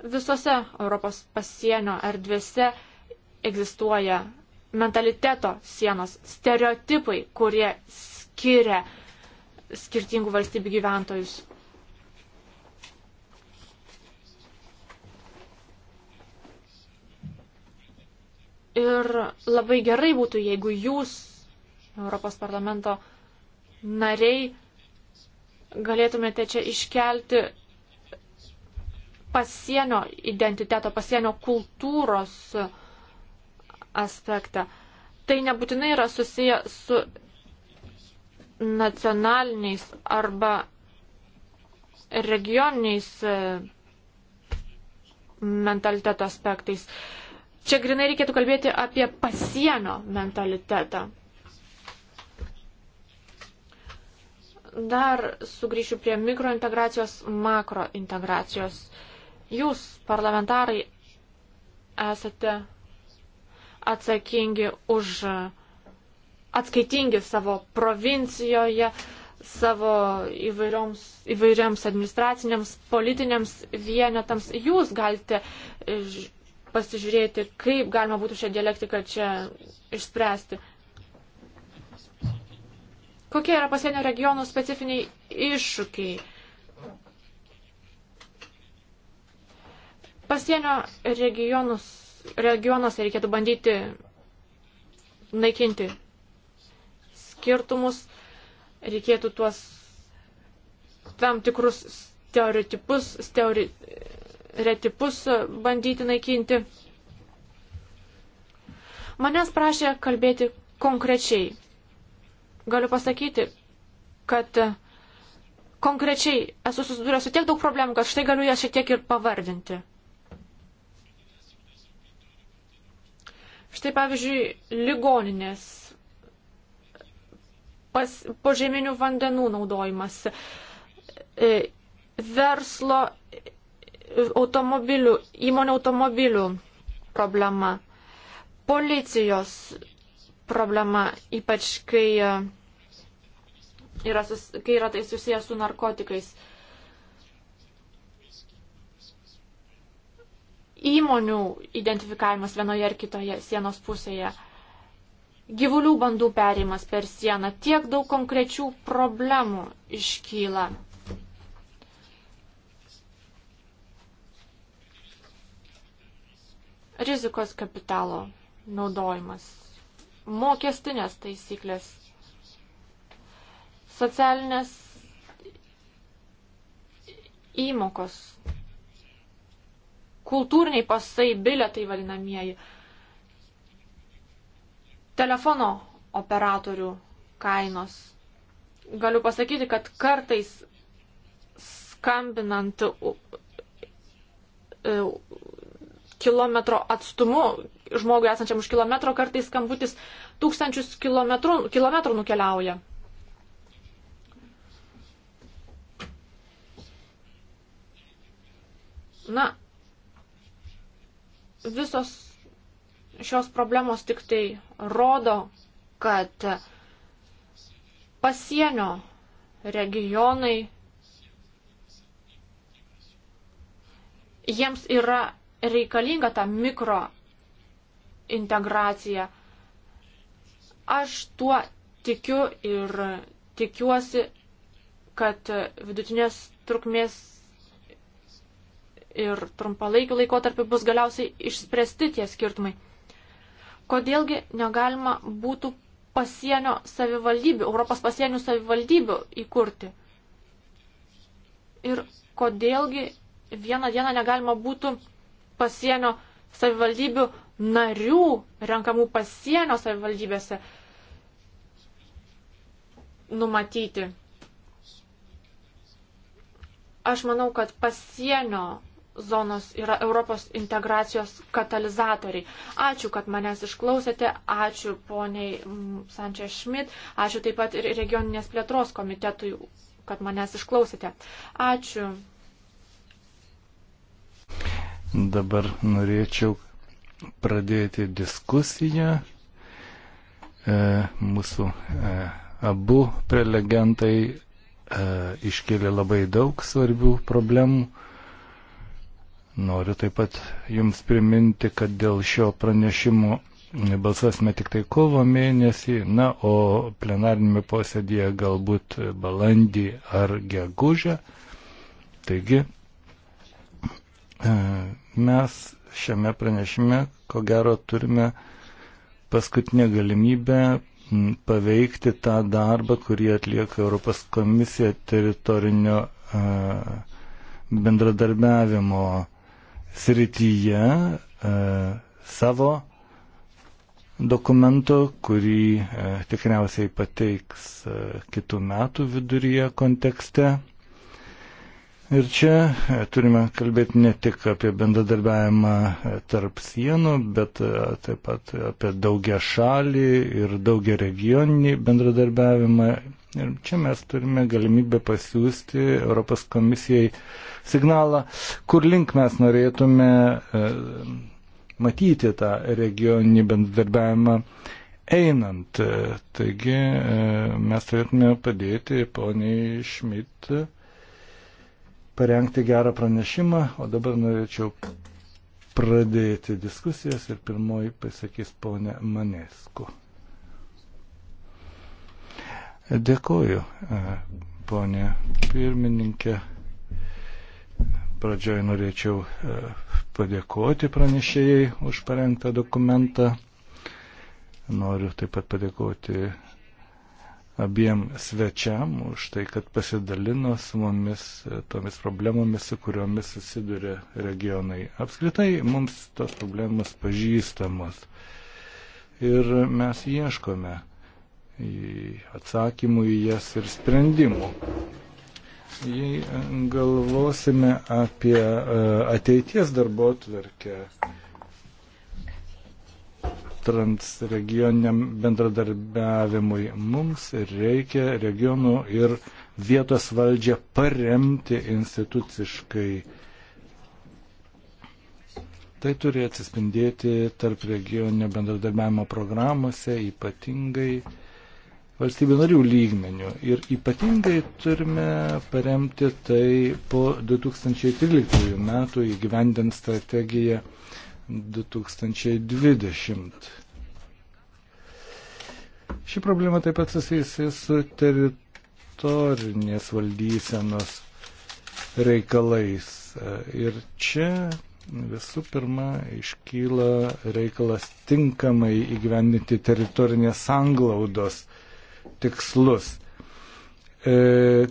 visose Europos pasienio erdvėse egzistuoja mentaliteto sienos, stereotipai, kurie skiria skirtingų valstybių gyventojus. Ir labai gerai būtų, jeigu jūs, Europos parlamento nariai, galėtumėte čia iškelti pasienio identiteto, pasienio kultūros aspektą. Tai nebūtinai yra susiję su nacionaliniais arba regioniniais e, mentaliteto aspektais. Čia grinai reikėtų kalbėti apie pasienio mentalitetą. Dar sugrįšiu prie mikrointegracijos, makrointegracijos. integracijos. Makro integracijos Jūs, parlamentarai, esate atsakingi už atskaitingi savo provincijoje, savo įvairioms, įvairioms administraciniams, politiniams vienetams. Jūs galite e, pasižiūrėti, kaip galima būtų šią dialektiką čia išspręsti. Kokie yra pasienio regionų specifiniai iššūkiai? Pasienio regionus, regionuose reikėtų bandyti naikinti skirtumus, reikėtų tuos tam tikrus stereotipus, stereotipus bandyti naikinti. Manęs prašė kalbėti konkrečiai. Galiu pasakyti, kad konkrečiai esu susidūręs su tiek daug problemų, kad štai galiu jas šiek tiek ir pavardinti. Štai pavyzdžiui, ligoninės pas, požeminių vandenų naudojimas, e, verslo e, automobilių, įmonių automobilių problema, policijos problema, ypač kai e, yra, sus, kai yra tai susijęs su narkotikais. įmonių identifikavimas vienoje ar kitoje sienos pusėje, gyvulių bandų perėjimas per sieną, tiek daug konkrečių problemų iškyla. Rizikos kapitalo naudojimas, mokestinės taisyklės, socialinės įmokos kultūriniai pasai, biletai vadinamieji, telefono operatorių kainos. Galiu pasakyti, kad kartais skambinant e, kilometro atstumu, žmogui esančiam už kilometro, kartais skambutis tūkstančius kilometrų, kilometrų nukeliauja. Na, visos šios problemos tik tai rodo, kad pasienio regionai jiems yra reikalinga ta mikro integracija. Aš tuo tikiu ir tikiuosi, kad vidutinės trukmės ir trumpalaikiu laikotarpiu bus galiausiai išspręsti tie skirtumai. Kodėlgi negalima būtų pasienio savivaldybių, Europos pasienių savivaldybių įkurti? Ir kodėlgi vieną dieną negalima būtų pasienio savivaldybių narių renkamų pasienio savivaldybėse numatyti? Aš manau, kad pasienio zonos yra Europos integracijos katalizatoriai. Ačiū, kad manęs išklausėte, ačiū poniai Sančia Šmit, ačiū taip pat ir regioninės plėtros komitetui, kad manęs išklausėte. Ačiū. Dabar norėčiau pradėti diskusiją. E, mūsų e, abu prelegentai e, iškėlė labai daug svarbių problemų Noriu taip pat Jums priminti, kad dėl šio pranešimo balsuosime tik tai kovo mėnesį, na, o plenarinėme posėdėje galbūt balandį ar gegužę. Taigi, mes šiame pranešime, ko gero, turime paskutinę galimybę paveikti tą darbą, kurį atlieka Europos komisija teritorinio bendradarbiavimo srityje e, savo dokumento, kurį e, tikriausiai pateiks e, kitų metų viduryje kontekste. Ir čia e, turime kalbėti ne tik apie bendradarbiavimą e, tarp sienų, bet e, taip pat apie daugia šalį ir daugia regioninį bendradarbiavimą Ir čia mes turime galimybę pasiūsti Europos komisijai signalą, kur link mes norėtume e, matyti tą regioninį bendradarbiavimą einant. E, taigi e, mes turėtume padėti poniai Šmit parengti gerą pranešimą, o dabar norėčiau pradėti diskusijas ir pirmoji pasakys ponė Manesku. Dėkuoju, e, ponė pirmininkė. Pradžioje norėčiau e, padėkoti pranešėjai už parengtą dokumentą. Noriu taip pat padėkoti abiem svečiam už tai, kad pasidalino su mumis e, tomis problemomis, su kuriomis susiduria regionai. Apskritai mums tos problemos pažįstamos ir mes ieškome atsakymų į jas ir sprendimų. Jei galvosime apie e, ateities darbo atverkę transregioniam bendradarbiavimui, mums reikia regionų ir vietos valdžią paremti instituciškai. Tai turi atsispindėti tarp regioninio bendradarbiavimo programuose, ypatingai uh, valstybių narių lygmenių. Ir ypatingai turime paremti tai po 2013 metų įgyvendint strategiją 2020. Ši problema taip pat susijusi su teritorinės valdysenos reikalais. Ir čia visų pirma iškyla reikalas tinkamai įgyvendinti teritorinės sanglaudos tikslus. E,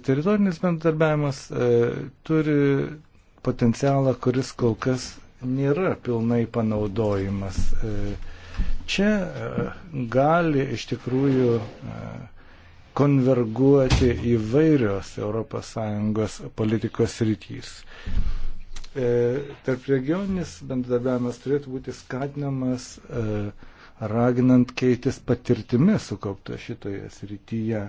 teritorinis bendradarbiavimas e, turi potencialą, kuris kol kas nėra pilnai panaudojimas. E, čia e, gali iš tikrųjų e, konverguoti įvairios ES politikos rytys. E, tarp regioninis bendradarbiavimas turėtų būti skatinamas e, raginant keitis patirtimi sukaupta šitoje srityje.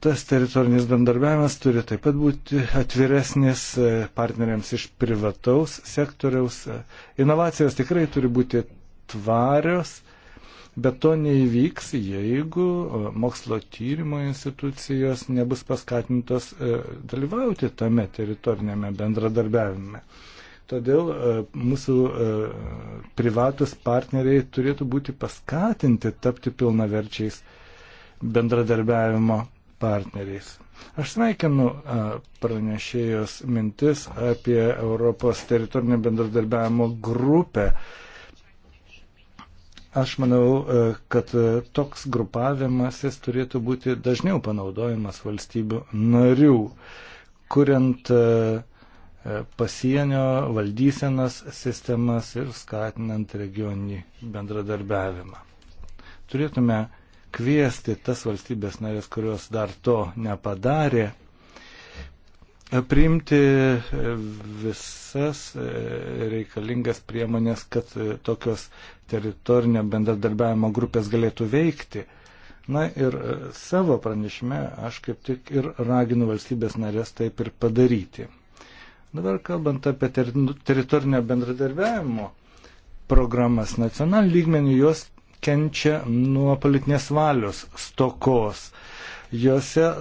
Tas teritorinis bendarbiavimas turi taip pat būti atviresnis partneriams iš privataus sektoriaus. Inovacijos tikrai turi būti tvarios, bet to neįvyks, jeigu mokslo tyrimo institucijos nebus paskatintos dalyvauti tame teritorinėme bendradarbiavime. Todėl e, mūsų e, privatus partneriai turėtų būti paskatinti tapti pilnaverčiais bendradarbiavimo partneriais. Aš sveikinu e, pranešėjos mintis apie Europos teritorinio bendradarbiavimo grupę. Aš manau, kad toks grupavimasis turėtų būti dažniau panaudojamas valstybių narių, kuriant uh, pasienio valdysenos sistemas ir skatinant regioninį bendradarbiavimą. Turėtume kviesti tas valstybės narės, kurios dar to nepadarė, priimti visas e, reikalingas priemonės, kad e, tokios teritorinio bendradarbiavimo grupės galėtų veikti. Na ir e, savo pranešime aš kaip tik ir raginu valstybės narės taip ir padaryti. Dabar kalbant apie ter teritorinio bendradarbiavimo programas nacionalinių lygmenių, jos kenčia nuo politinės valios stokos. Jose e,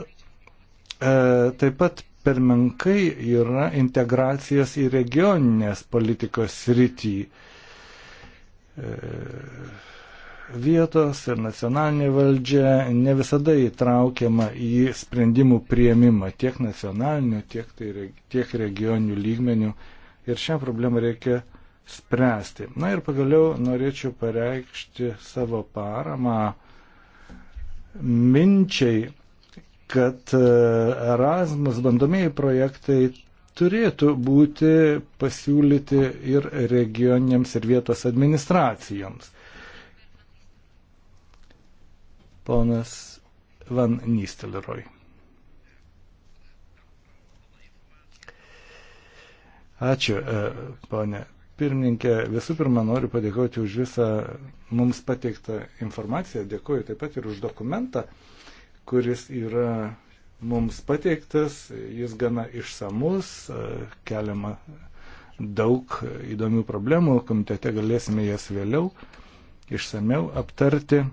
taip pat per menkai yra integracijos į regioninės politikos srityje vietos ir nacionalinė valdžia ne visada įtraukiama į sprendimų prieimimą tiek nacionaliniu, tiek, tai, tiek regioniniu lygmeniu. Ir šią problemą reikia spręsti. Na ir pagaliau norėčiau pareikšti savo paramą minčiai, kad e, Erasmus bandomieji projektai turėtų būti pasiūlyti ir regioniniams ir vietos administracijoms. ponas Van Nistelroj. Ačiū, e, ponė pirmininkė. Visų pirma, noriu padėkoti už visą mums pateiktą informaciją. Dėkuoju taip pat ir už dokumentą, kuris yra mums pateiktas. Jis gana išsamus, e, keliama daug įdomių problemų. Komitete galėsime jas vėliau išsameu aptarti.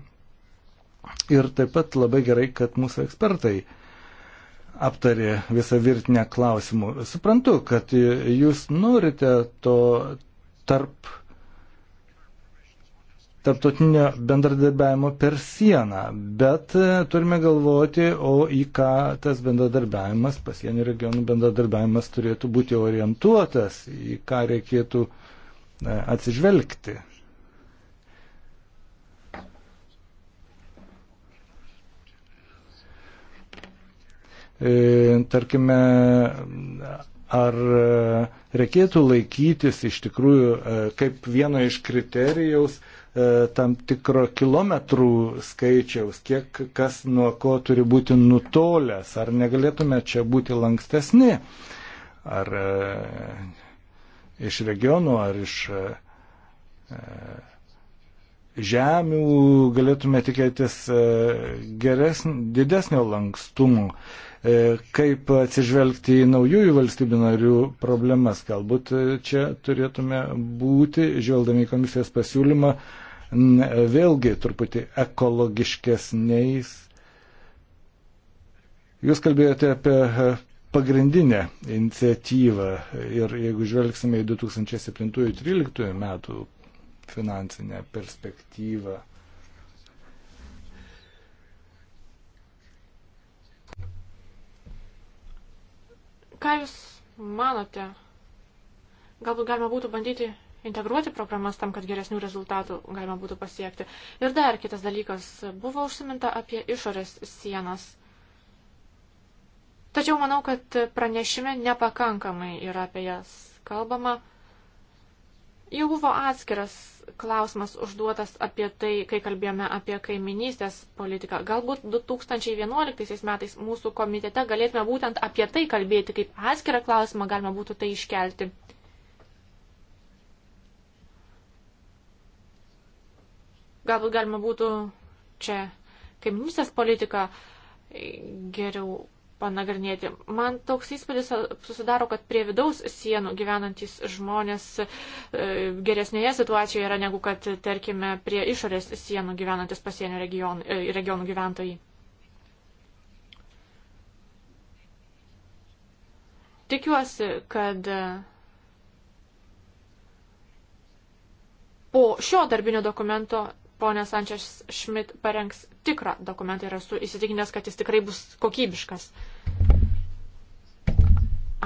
Ir taip pat labai gerai, kad mūsų ekspertai aptarė visą virtinę klausimų. Suprantu, kad jūs norite to tarp tarptautinio bendradarbiavimo per sieną, bet turime galvoti, o į ką tas bendradarbiavimas, pasienio regionų bendradarbiavimas turėtų būti orientuotas, į ką reikėtų e, atsižvelgti. E, tarkime, ar e, reikėtų laikytis iš tikrųjų e, kaip vieno iš kriterijaus tam tikro kilometrų skaičiaus, kiek kas nuo ko turi būti nutolęs, ar negalėtume čia būti lankstesni, ar iš regionų, ar iš žemių galėtume tikėtis geresnio, didesnio lankstumo. E, kaip atsižvelgti į naujųjų valstybių narių problemas. Galbūt e, čia turėtume būti, žvelgdami į komisijos pasiūlymą, vėlgi truputį ekologiškesniais. Jūs kalbėjote apie e, pagrindinę iniciatyvą ir jeigu žvelgsime į 2007-2013 metų finansinę perspektyvą, Ką Jūs manote? Galbūt galima būtų bandyti integruoti programas tam, kad geresnių rezultatų galima būtų pasiekti. Ir dar kitas dalykas, buvo užsiminta apie išorės sienas. Tačiau manau, kad pranešime nepakankamai yra apie jas kalbama. Jau buvo atskiras klausimas užduotas apie tai, kai kalbėjome apie kaiminystės politiką. Galbūt 2011 metais mūsų komitete galėtume būtent apie tai kalbėti, kaip atskirą klausimą galima būtų tai iškelti. Galbūt galima būtų čia kaiminystės politiką geriau panagrinėti. Man toks įspūdis susidaro, kad prie vidaus sienų gyvenantis žmonės e, geresnėje situacijoje yra negu kad, tarkime, prie išorės sienų gyvenantis pasienio regionų, e, regionų gyventojai. Tikiuosi, kad e, po šio darbinio dokumento ponė Sančias Šmit parengs tikrą dokumentą ir esu įsitikinęs, kad jis tikrai bus kokybiškas.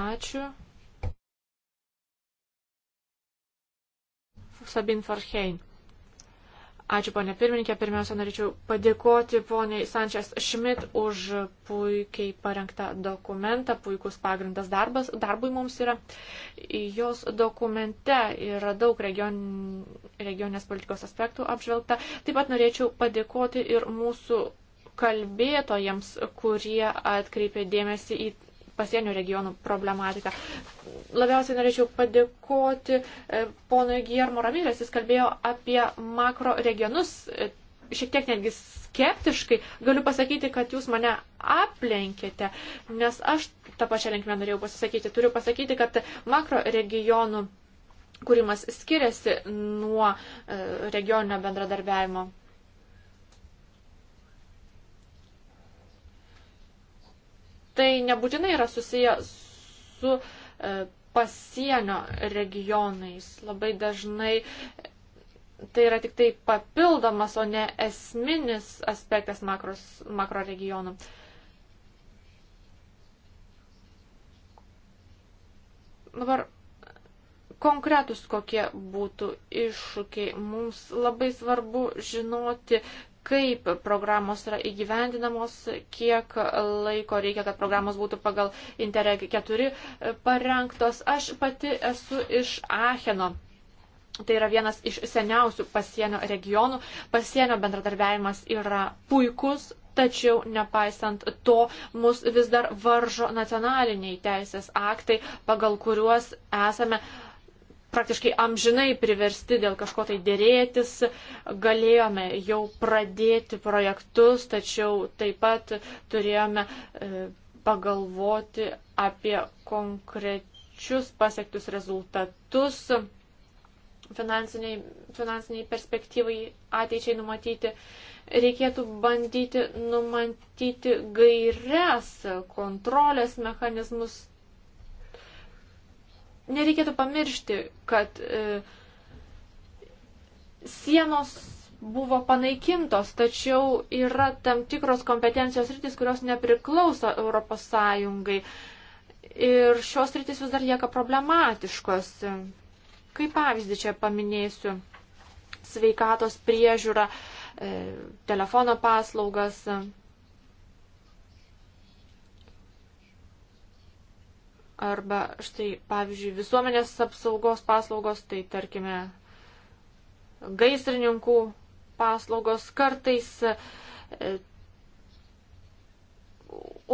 Ačiū. Sabin Forhein. Ačiū, ponė pirmininkė. Pirmiausia, norėčiau padėkoti poniai Sančias Šmit už puikiai parengtą dokumentą, puikus pagrindas darbas, darbui mums yra. Jos dokumente yra daug region, regionės politikos aspektų apžvelgta. Taip pat norėčiau padėkoti ir mūsų kalbėtojams, kurie atkreipė dėmesį į pasienio regionų problematiką labiausiai norėčiau padėkoti e, ponui Giermo Ramirės. Jis kalbėjo apie makro regionus, e, šiek tiek netgi skeptiškai. Galiu pasakyti, kad jūs mane aplenkėte, nes aš tą pačią linkmę norėjau pasisakyti. Turiu pasakyti, kad makro regionų kūrimas skiriasi nuo e, regioninio bendradarbiavimo. Tai nebūtinai yra susiję su e, pasienio regionais. Labai dažnai tai yra tik tai papildomas, o ne esminis aspektas makros, makro regionų. Dabar konkretus kokie būtų iššūkiai. Mums labai svarbu žinoti, kaip programos yra įgyvendinamos, kiek laiko reikia, kad programos būtų pagal Interreg 4 parengtos. Aš pati esu iš Acheno. Tai yra vienas iš seniausių pasienio regionų. Pasienio bendradarbiavimas yra puikus, tačiau nepaisant to mus vis dar varžo nacionaliniai teisės aktai, pagal kuriuos esame uh, praktiškai amžinai priversti dėl kažko tai dėrėtis, galėjome jau pradėti projektus, tačiau taip pat turėjome e, pagalvoti apie konkrečius pasiektus rezultatus finansiniai, finansiniai perspektyvai ateičiai numatyti. Reikėtų bandyti numatyti gairias, kontrolės mechanizmus nereikėtų pamiršti, kad e, sienos buvo panaikintos, tačiau yra tam tikros kompetencijos rytis, kurios nepriklauso Europos Sąjungai. Ir šios rytis vis dar lieka problematiškos. Kaip pavyzdį čia paminėsiu sveikatos priežiūrą, e, telefono paslaugas, Arba štai, pavyzdžiui, visuomenės apsaugos paslaugos, tai tarkime, gaisrininkų paslaugos kartais e,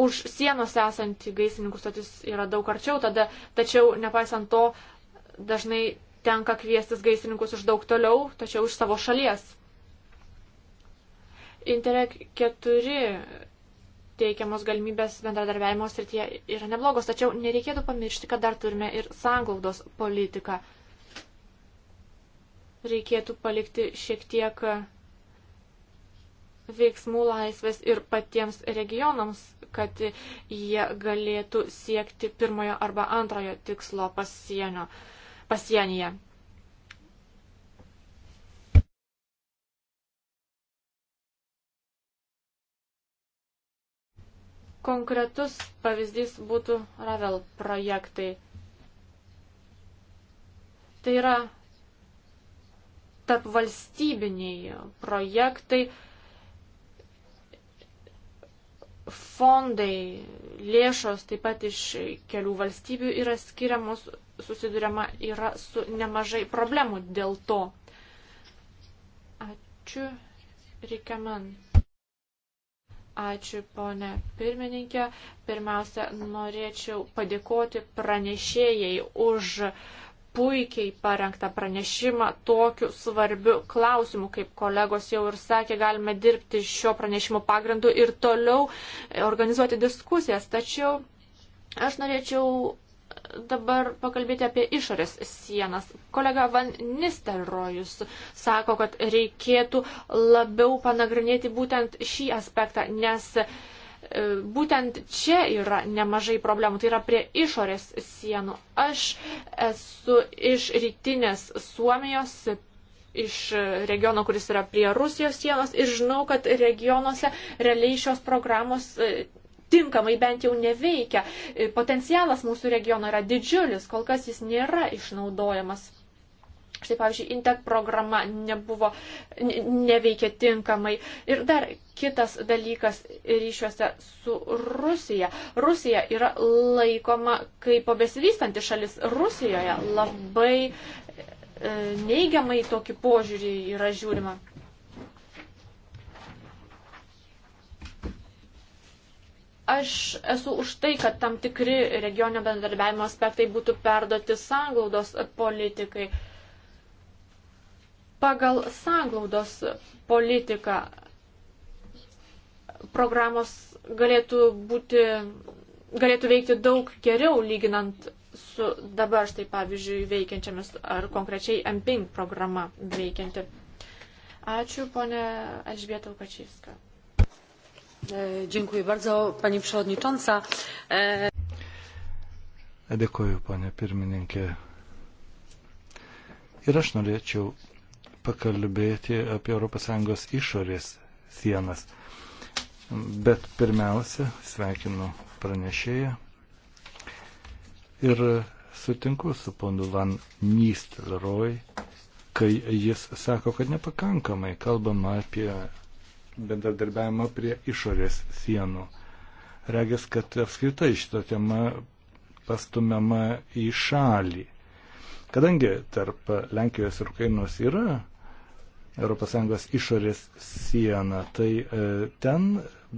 už sienos esanti gaisrininkų stotis yra daug arčiau, tada, tačiau nepaisant to dažnai tenka kviestis gaisrininkus iš daug toliau, tačiau iš savo šalies. Interreg 4 teikiamos galimybės bendradarbiavimo srityje yra neblogos, tačiau nereikėtų pamiršti, kad dar turime ir sanglaudos politiką. Reikėtų palikti šiek tiek veiksmų laisvės ir patiems regionams, kad jie galėtų siekti pirmojo arba antrojo tikslo pasienio, pasienyje. Konkretus pavyzdys būtų Ravel projektai. Tai yra tarp valstybiniai projektai, fondai, lėšos taip pat iš kelių valstybių yra skiriamos, susidurima yra su nemažai problemų dėl to. Ačiū, reikia man. Ačiū, ponė pirmininkė. Pirmiausia, norėčiau padėkoti pranešėjai už puikiai parengtą pranešimą tokiu svarbiu klausimu, kaip kolegos jau ir sakė, galime dirbti šio pranešimo pagrindu ir toliau organizuoti diskusijas. Tačiau aš norėčiau dabar pakalbėti apie išorės sienas. Kolega Van Nistelrojus sako, kad reikėtų labiau panagrinėti būtent šį aspektą, nes e, būtent čia yra nemažai problemų, tai yra prie išorės sienų. Aš esu iš rytinės Suomijos, iš regiono, kuris yra prie Rusijos sienos ir žinau, kad regionuose realiai šios programos e, tinkamai bent jau neveikia. E, potencialas mūsų regiono yra didžiulis, kol kas jis nėra išnaudojamas. Štai, pavyzdžiui, Intek programa nebuvo, neveikė tinkamai. Ir dar kitas dalykas ryšiuose su Rusija. Rusija yra laikoma kaip besivystanti šalis. Rusijoje labai e, neigiamai tokį požiūrį yra žiūrima. Aš esu už tai, kad tam tikri regioninio bendradarbiavimo aspektai būtų perduoti sanglaudos politikai. Pagal sanglaudos politiką programos galėtų, būti, galėtų veikti daug geriau lyginant su dabar štai pavyzdžiui veikiančiamis ar konkrečiai MPING programa veikianti. Ačiū, ponė Elžbieta Ukačyska. E, dziękuję bardzo, pani przewodnicząca. E, Dėkuoju, ponė pirmininkė. Ir aš norėčiau pakalbėti apie ES išorės sienas. Bet pirmiausia, sveikinu pranešėją ir sutinku su ponu Van Nistelrooy, kai jis sako, kad nepakankamai kalbama apie bendradarbiavimą prie išorės sienų. Regis, kad apskritai šitą temą pastumiama į šalį. Kadangi tarp Lenkijos ir Ukrainos yra ES išorės siena, tai e, ten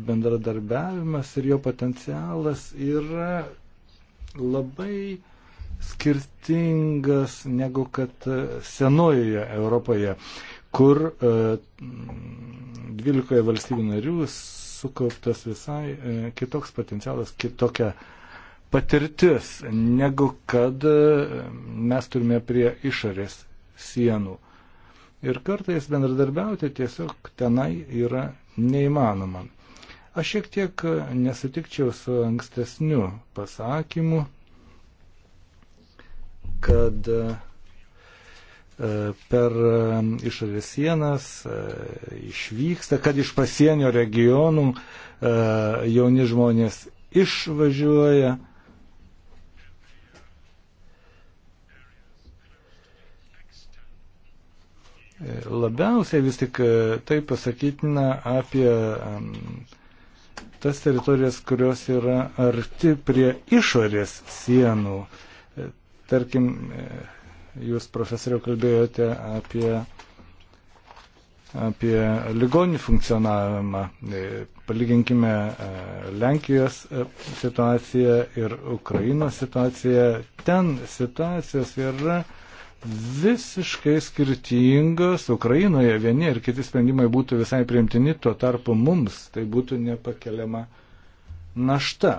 bendradarbiavimas ir jo potencialas yra labai skirtingas negu kad e, senojoje Europoje kur 12 e, valstybių narių sukauptas visai e, kitoks potencialas, kitokia patirtis, negu kad e, mes turime prie išorės sienų. Ir kartais bendradarbiauti tiesiog tenai yra neįmanoma. Aš šiek tiek nesutikčiau su ankstesniu pasakymu, kad uh, E, per e, išorės sienas e, išvyksta, kad iš pasienio regionų jauni žmonės išvažiuoja. Labiausiai vis tik tai pasakytina apie tas teritorijas, kurios yra arti prie išorės sienų. Tarkim, Jūs, profesoriau, kalbėjote apie, apie ligonių funkcionavimą. E, Palyginkime e, Lenkijos e, situaciją ir Ukrainos situaciją. Ten situacijos yra visiškai skirtingos. Ukrainoje vieni ir kiti sprendimai būtų visai priimtini, tuo tarpu mums tai būtų nepakeliama našta.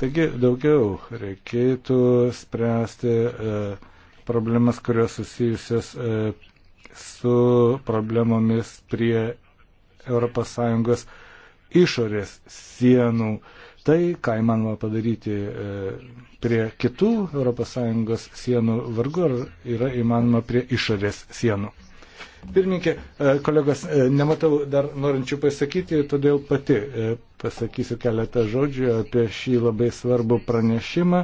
Taigi daugiau reikėtų spręsti e, problemas, kurios susijusios e, su problemomis prie ES išorės sienų. Tai, ką įmanoma padaryti e, prie kitų ES sienų, vargu ar yra įmanoma prie išorės sienų. Pirmininkė, e, kolegos, e, nematau dar norinčių pasakyti, todėl pati e, pasakysiu keletą žodžių apie šį labai svarbų pranešimą.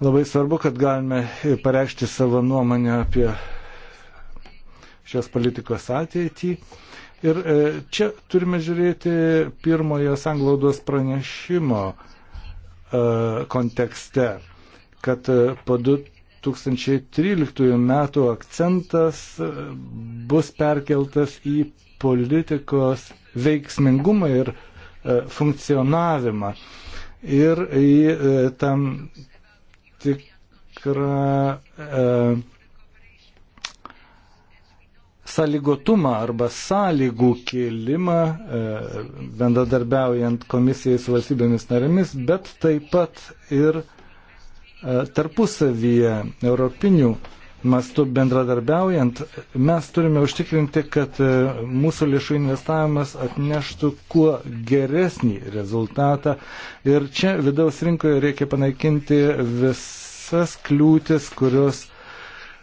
Labai svarbu, kad galime pareikšti savo nuomonę apie šios politikos ateitį. Ir čia turime žiūrėti pirmojo sanglaudos pranešimo kontekste, kad po 2000 2013 metų akcentas e, bus perkeltas į politikos veiksmingumą ir e, funkcionavimą ir į e, tam tikrą e, sąlygotumą arba sąlygų kėlimą, e, bendradarbiaujant komisijai su valstybėmis narėmis, bet taip pat ir e, E, tarpusavyje europinių mastų bendradarbiaujant, mes turime užtikrinti, kad e, mūsų lėšų investavimas atneštų kuo geresnį rezultatą. Ir čia vidaus rinkoje reikia panaikinti visas kliūtis, kurios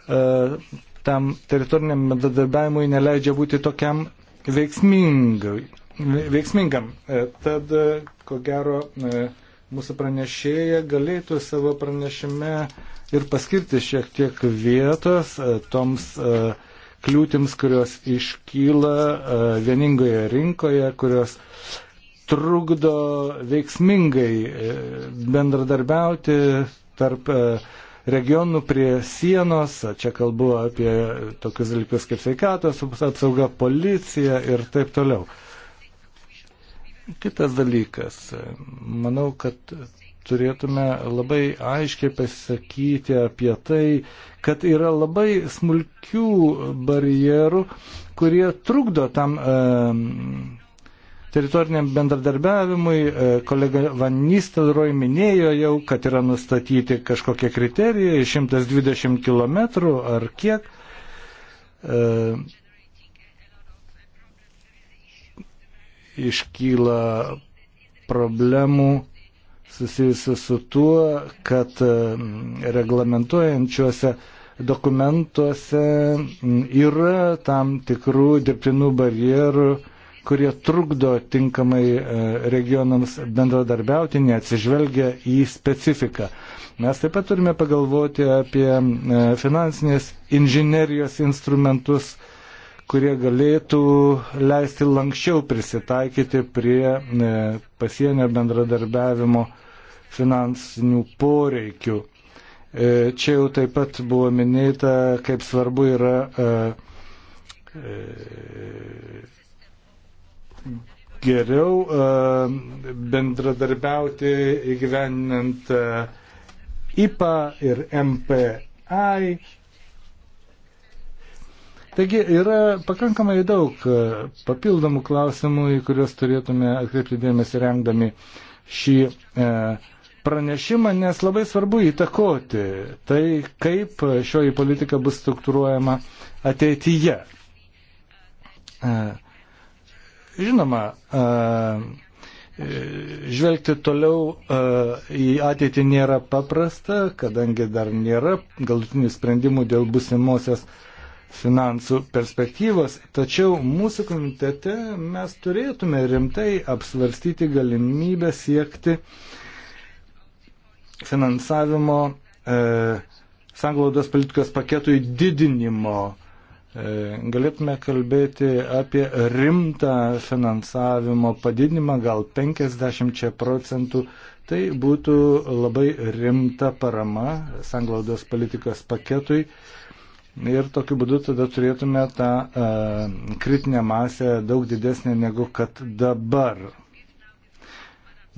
uh, tam teritoriniam bendradarbiavimui neleidžia būti tokiam veiksmingai, veiksmingam. Tad, ko gero, uh, mūsų pranešėja galėtų savo pranešime ir paskirti šiek tiek vietos e, toms e, kliūtims, kurios iškyla e, vieningoje rinkoje, kurios trukdo veiksmingai bendradarbiauti tarp regionų prie sienos, čia kalbu apie tokius dalykus kaip sveikatos apsauga, policija ir taip toliau. Kitas dalykas, manau, kad turėtume labai aiškiai pasakyti apie tai, kad yra labai smulkių barjerų, kurie trukdo tam e, teritoriniam bendradarbiavimui. E, kolega Van Nistelroj minėjo jau, kad yra nustatyti kažkokie kriterijai, 120 km ar kiek. E, iškyla problemų susijusių su tuo, kad mm, reglamentuojančiuose dokumentuose mm, yra tam tikrų dirbtinų barjerų, kurie trukdo tinkamai e, regionams bendradarbiauti, neatsižvelgia į specifiką. Mes taip pat turime pagalvoti apie mm, e, finansinės inžinerijos instrumentus, kurie galėtų leisti lankščiau prisitaikyti prie e, pasienio bendradarbiavimo finansinių poreikių. E, čia jau taip pat buvo minėta, kaip svarbu yra e, geriau bendradarbiauti įgyveninant IPA ir MPI Taigi yra pakankamai daug e, papildomų klausimų, į kuriuos turėtume atkreipti dėmesį rengdami šį e, pranešimą, nes labai svarbu įtakoti tai, kaip šioji politika bus struktūruojama ateityje. E, žinoma, e, Žvelgti toliau e, į ateitį nėra paprasta, kadangi dar nėra galutinių sprendimų dėl busimosios finansų perspektyvos, tačiau mūsų komitete mes turėtume rimtai apsvarstyti galimybę siekti finansavimo e, sanglaudos politikos paketui didinimo. E, galėtume kalbėti apie rimtą finansavimo padidinimą, gal 50 procentų. Tai būtų labai rimta parama sanglaudos politikos paketui, ir tokiu būdu tada turėtume tą e, kritinę masę daug didesnę negu kad dabar.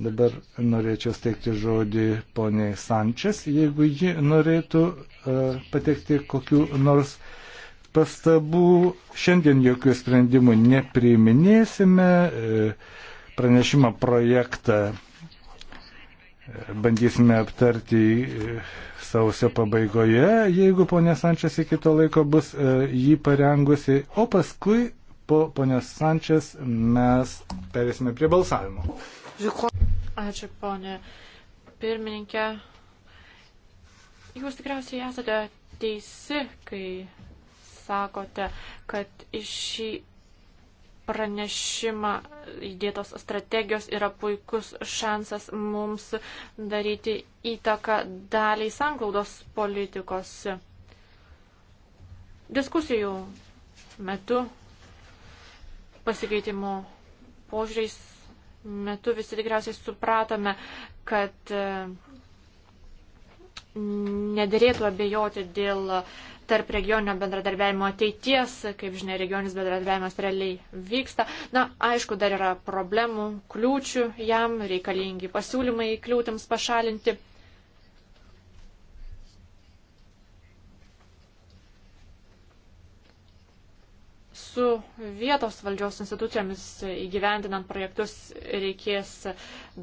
Dabar norėčiau steigti žodį poniai Sančias, jeigu ji norėtų e, patekti kokiu nors pastabų. Šiandien jokių sprendimų nepriiminėsime. E, pranešimo projektą bandysime aptarti e, sausio pabaigoje, jeigu ponė Sančias iki to laiko bus e, jį parengusi, o paskui po ponės Sančias mes perėsime prie balsavimo. Ačiū, ponė pirmininkė. Jūs tikriausiai esate teisi, kai sakote, kad į šį pranešimą įdėtos strategijos yra puikus šansas mums daryti įtaką daliai sanglaudos politikos. Diskusijų metu pasikeitimo požiūriais metu visi tikriausiai supratome, kad e, nederėtų abejoti dėl uh, tarp regioninio bendradarbiavimo ateities, kaip žinia, regioninis bendradarbiavimas realiai vyksta. Na, aišku, dar yra problemų, kliūčių jam, reikalingi pasiūlymai kliūtims pašalinti. su vietos valdžios institucijomis įgyvendinant projektus reikės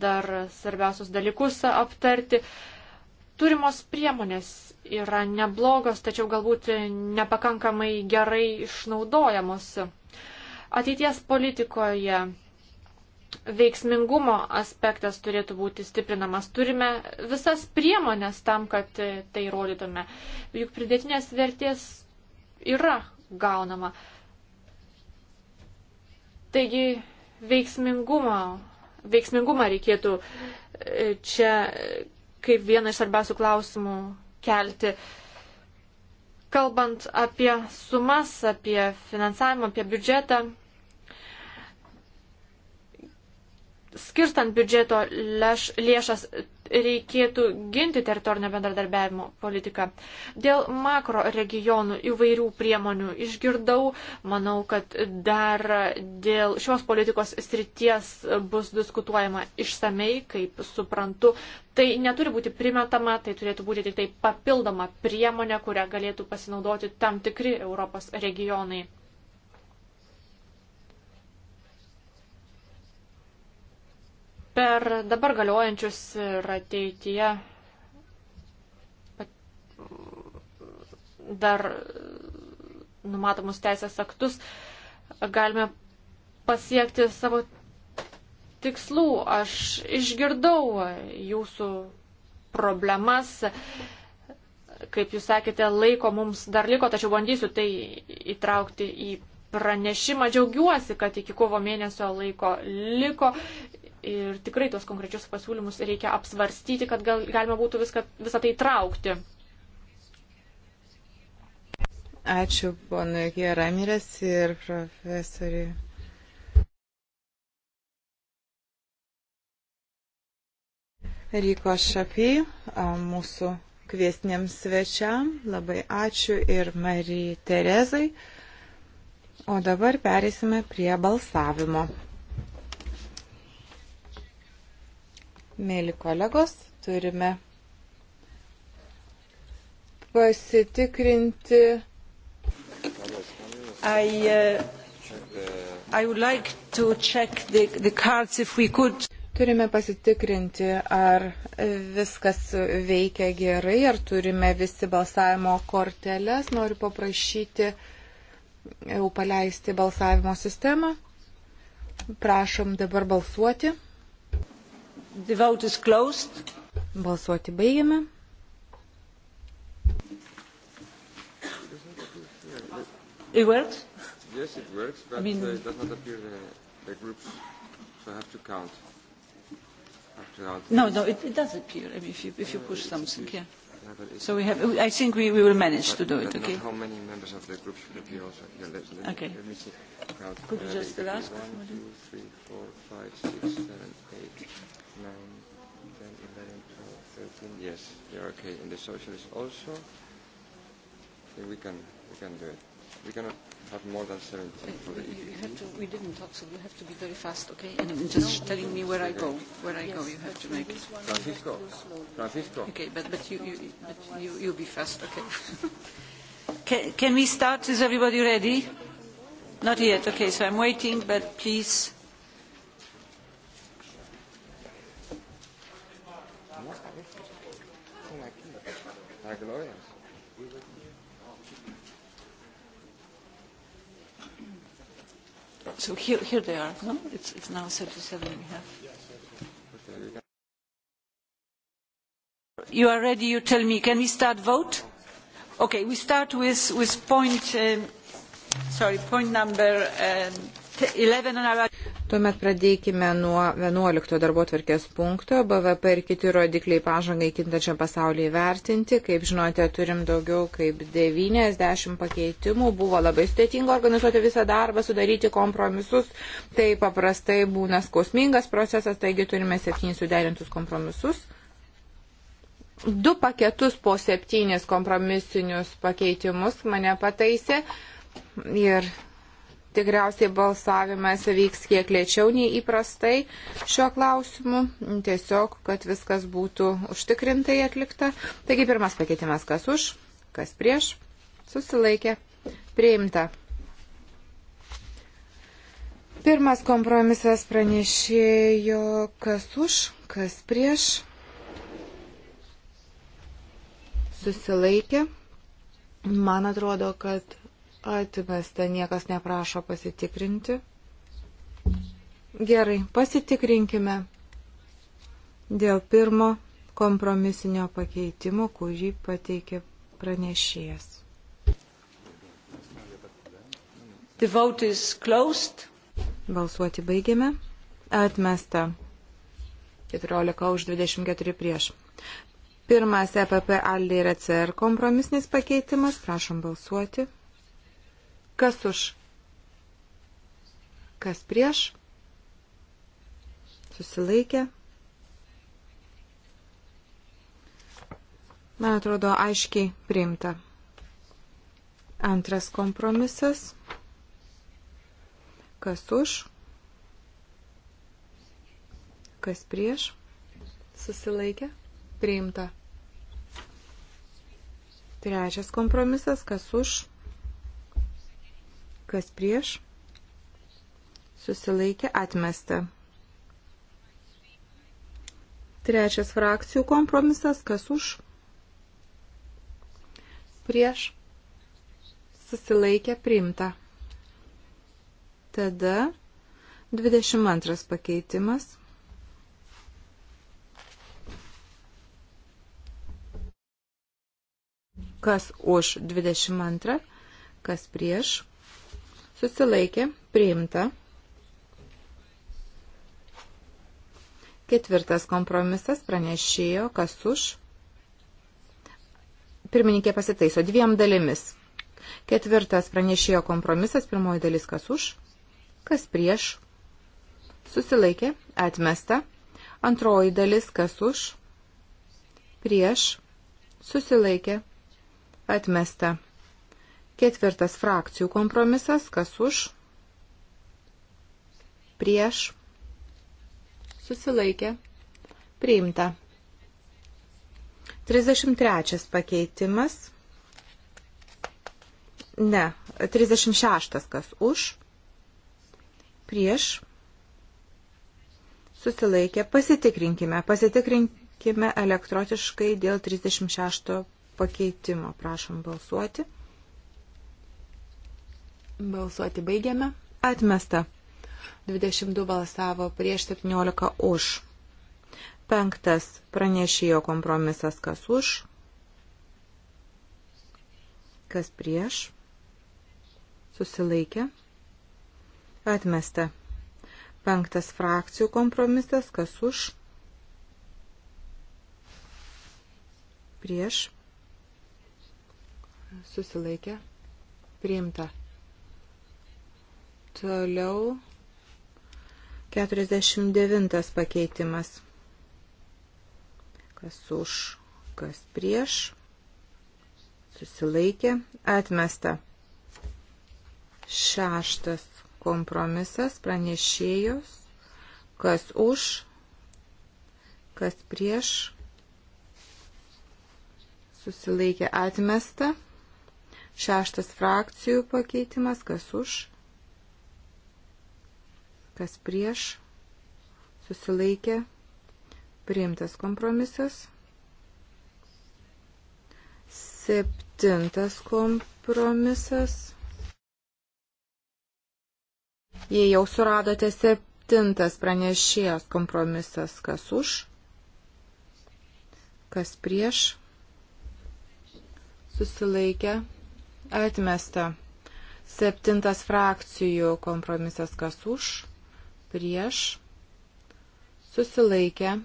dar svarbiausius dalykus aptarti. Uh, Turimos priemonės yra neblogos, tačiau galbūt nepakankamai gerai išnaudojamos. Ateities politikoje veiksmingumo aspektas turėtų būti stiprinamas. Turime visas priemonės tam, kad tai rodytume. Juk pridėtinės vertės yra gaunama. Taigi veiksmingumą, veiksmingumą reikėtų e, čia kaip vieną iš svarbiausių klausimų kelti. Kalbant apie sumas, apie finansavimą, apie biudžetą, skirstant biudžeto lėš, lėšas reikėtų ginti teritorinio bendradarbiavimo politiką. Dėl makro regionų įvairių priemonių išgirdau, manau, kad dar dėl šios politikos srities bus diskutuojama išsamei, kaip suprantu. Tai neturi būti primetama, tai turėtų būti tik tai papildoma priemonė, kurią galėtų pasinaudoti tam tikri Europos regionai. per dabar galiojančius ir ateityje dar numatomus teisės aktus galime pasiekti savo tikslų. Aš išgirdau jūsų problemas. Kaip jūs sakėte, laiko mums dar liko, tačiau bandysiu tai įtraukti į pranešimą. Džiaugiuosi, kad iki kovo mėnesio laiko liko Ir tikrai tos konkrečius pasiūlymus reikia apsvarstyti, kad gal, galima būtų viską, visą tai traukti. Ačiū ponui Geramirės ir profesoriui. Ryko Šapy, mūsų kviesniems svečiam. Labai ačiū ir Marijai Terezai. O dabar perėsime prie balsavimo. Mėly kolegos, turime pasitikrinti. I, uh, I would like to check the, the cards if we could. Turime pasitikrinti, ar e, viskas veikia gerai, ar turime visi balsavimo korteles. Noriu paprašyti e, jau paleisti balsavimo sistemą. Prašom dabar balsuoti. The vote is closed. Balsuoti baigiame. It works? Yes, it works, but I mean, uh, it does not appear the, the groups, so I have to count. Have to count no, no, it, it does appear I mean, if you, if you push uh, something, appears. yeah. yeah so we have, I think we, we will manage but, to do but it, okay? Not how many members of the group should appear also here? Let, let, okay. Let me see. Count. Could uh, you just ask? One, two, three, four, five, six, seven, eight. 9, 10, 11, 12, 13. Yes, you're okay. And the socialists also. We can, we can do it. We cannot have more than 17 for the EPP. You have to, we didn't talk, so you have to be very fast, okay? And just no, telling me where I go. Where I yes, go, you have to make it. Francisco. Francisco. Okay, but, but, you, you, but you, you'll be fast, okay? can, can we start? Is everybody ready? Not yet, okay, so I'm waiting, but please gloria. So here, here they are, no? It's, it's now 37 we have. You are ready, you tell me. Can we start vote? Okay, we start with, with point, um, sorry, point number um, Tuomet pradėkime nuo 11 darbo tvarkės punkto BVP ir kiti rodikliai pažangai kintančiam pasaulyje vertinti. Kaip žinote, turim daugiau kaip 90 pakeitimų. Buvo labai sudėtinga organizuoti visą darbą, sudaryti kompromisus. Tai paprastai būna skausmingas procesas, taigi turime septynis suderintus kompromisus du paketus po septynis kompromisinius pakeitimus mane pataisė ir Tikriausiai balsavimas vyks kiek lėčiau nei įprastai šiuo klausimu, tiesiog, kad viskas būtų užtikrintai atlikta. Taigi pirmas pakeitimas, kas už, kas prieš, susilaikė, priimta. Pirmas kompromisas pranešėjo, kas už, kas prieš, susilaikė. Man atrodo, kad Atmesta, niekas neprašo pasitikrinti. Gerai, pasitikrinkime dėl pirmo kompromisinio pakeitimo, kurį pateikė pranešėjas. The vote is closed. Balsuoti baigėme. Atmesta. 14 už 24 prieš. Pirmas EPP ALDI ir ECR kompromisinis pakeitimas. Prašom balsuoti. Kas už? Kas prieš? Susilaikė. Man atrodo, aiškiai priimta. Antras kompromisas. Kas už? Kas prieš? Susilaikė. Priimta. Trečias kompromisas. Kas už? Kas prieš? Susilaikė atmesta. Trečias frakcijų kompromisas. Kas už? Prieš? Susilaikė priimta. Tada 22 pakeitimas. kas už 22, kas prieš, susilaikė, priimta. Ketvirtas kompromisas pranešėjo, kas už. Pirmininkė pasitaiso dviem dalimis. Ketvirtas pranešėjo kompromisas, pirmoji dalis kas už, kas prieš, susilaikė, atmesta. Antroji dalis kas už, prieš, susilaikė, atmesta. Ketvirtas frakcijų kompromisas, kas už, prieš, susilaikė, priimta. 33 pakeitimas, ne, 36 kas už, prieš, susilaikė, pasitikrinkime, pasitikrinkime elektrotiškai dėl 36 pakeitimo, prašom balsuoti. Balsuoti baigiame. Atmesta. 22 balsavo prieš 17 už. Penktas pranešėjo kompromisas kas už, kas prieš, susilaikė, atmesta. Penktas frakcijų kompromisas kas už, prieš, susilaikė, priimta. Toliau 49 pakeitimas. Kas už, kas prieš. Susilaikė. Atmesta. Šeštas kompromisas pranešėjos. Kas už, kas prieš. Susilaikė atmesta. Šeštas frakcijų pakeitimas. Kas už, kas prieš, susilaikė, priimtas kompromisas. Septintas kompromisas. Jei jau suradote septintas pranešėjas kompromisas, kas už, kas prieš, susilaikė, atmesta. Septintas frakcijų kompromisas, kas už, prieš, susilaikę,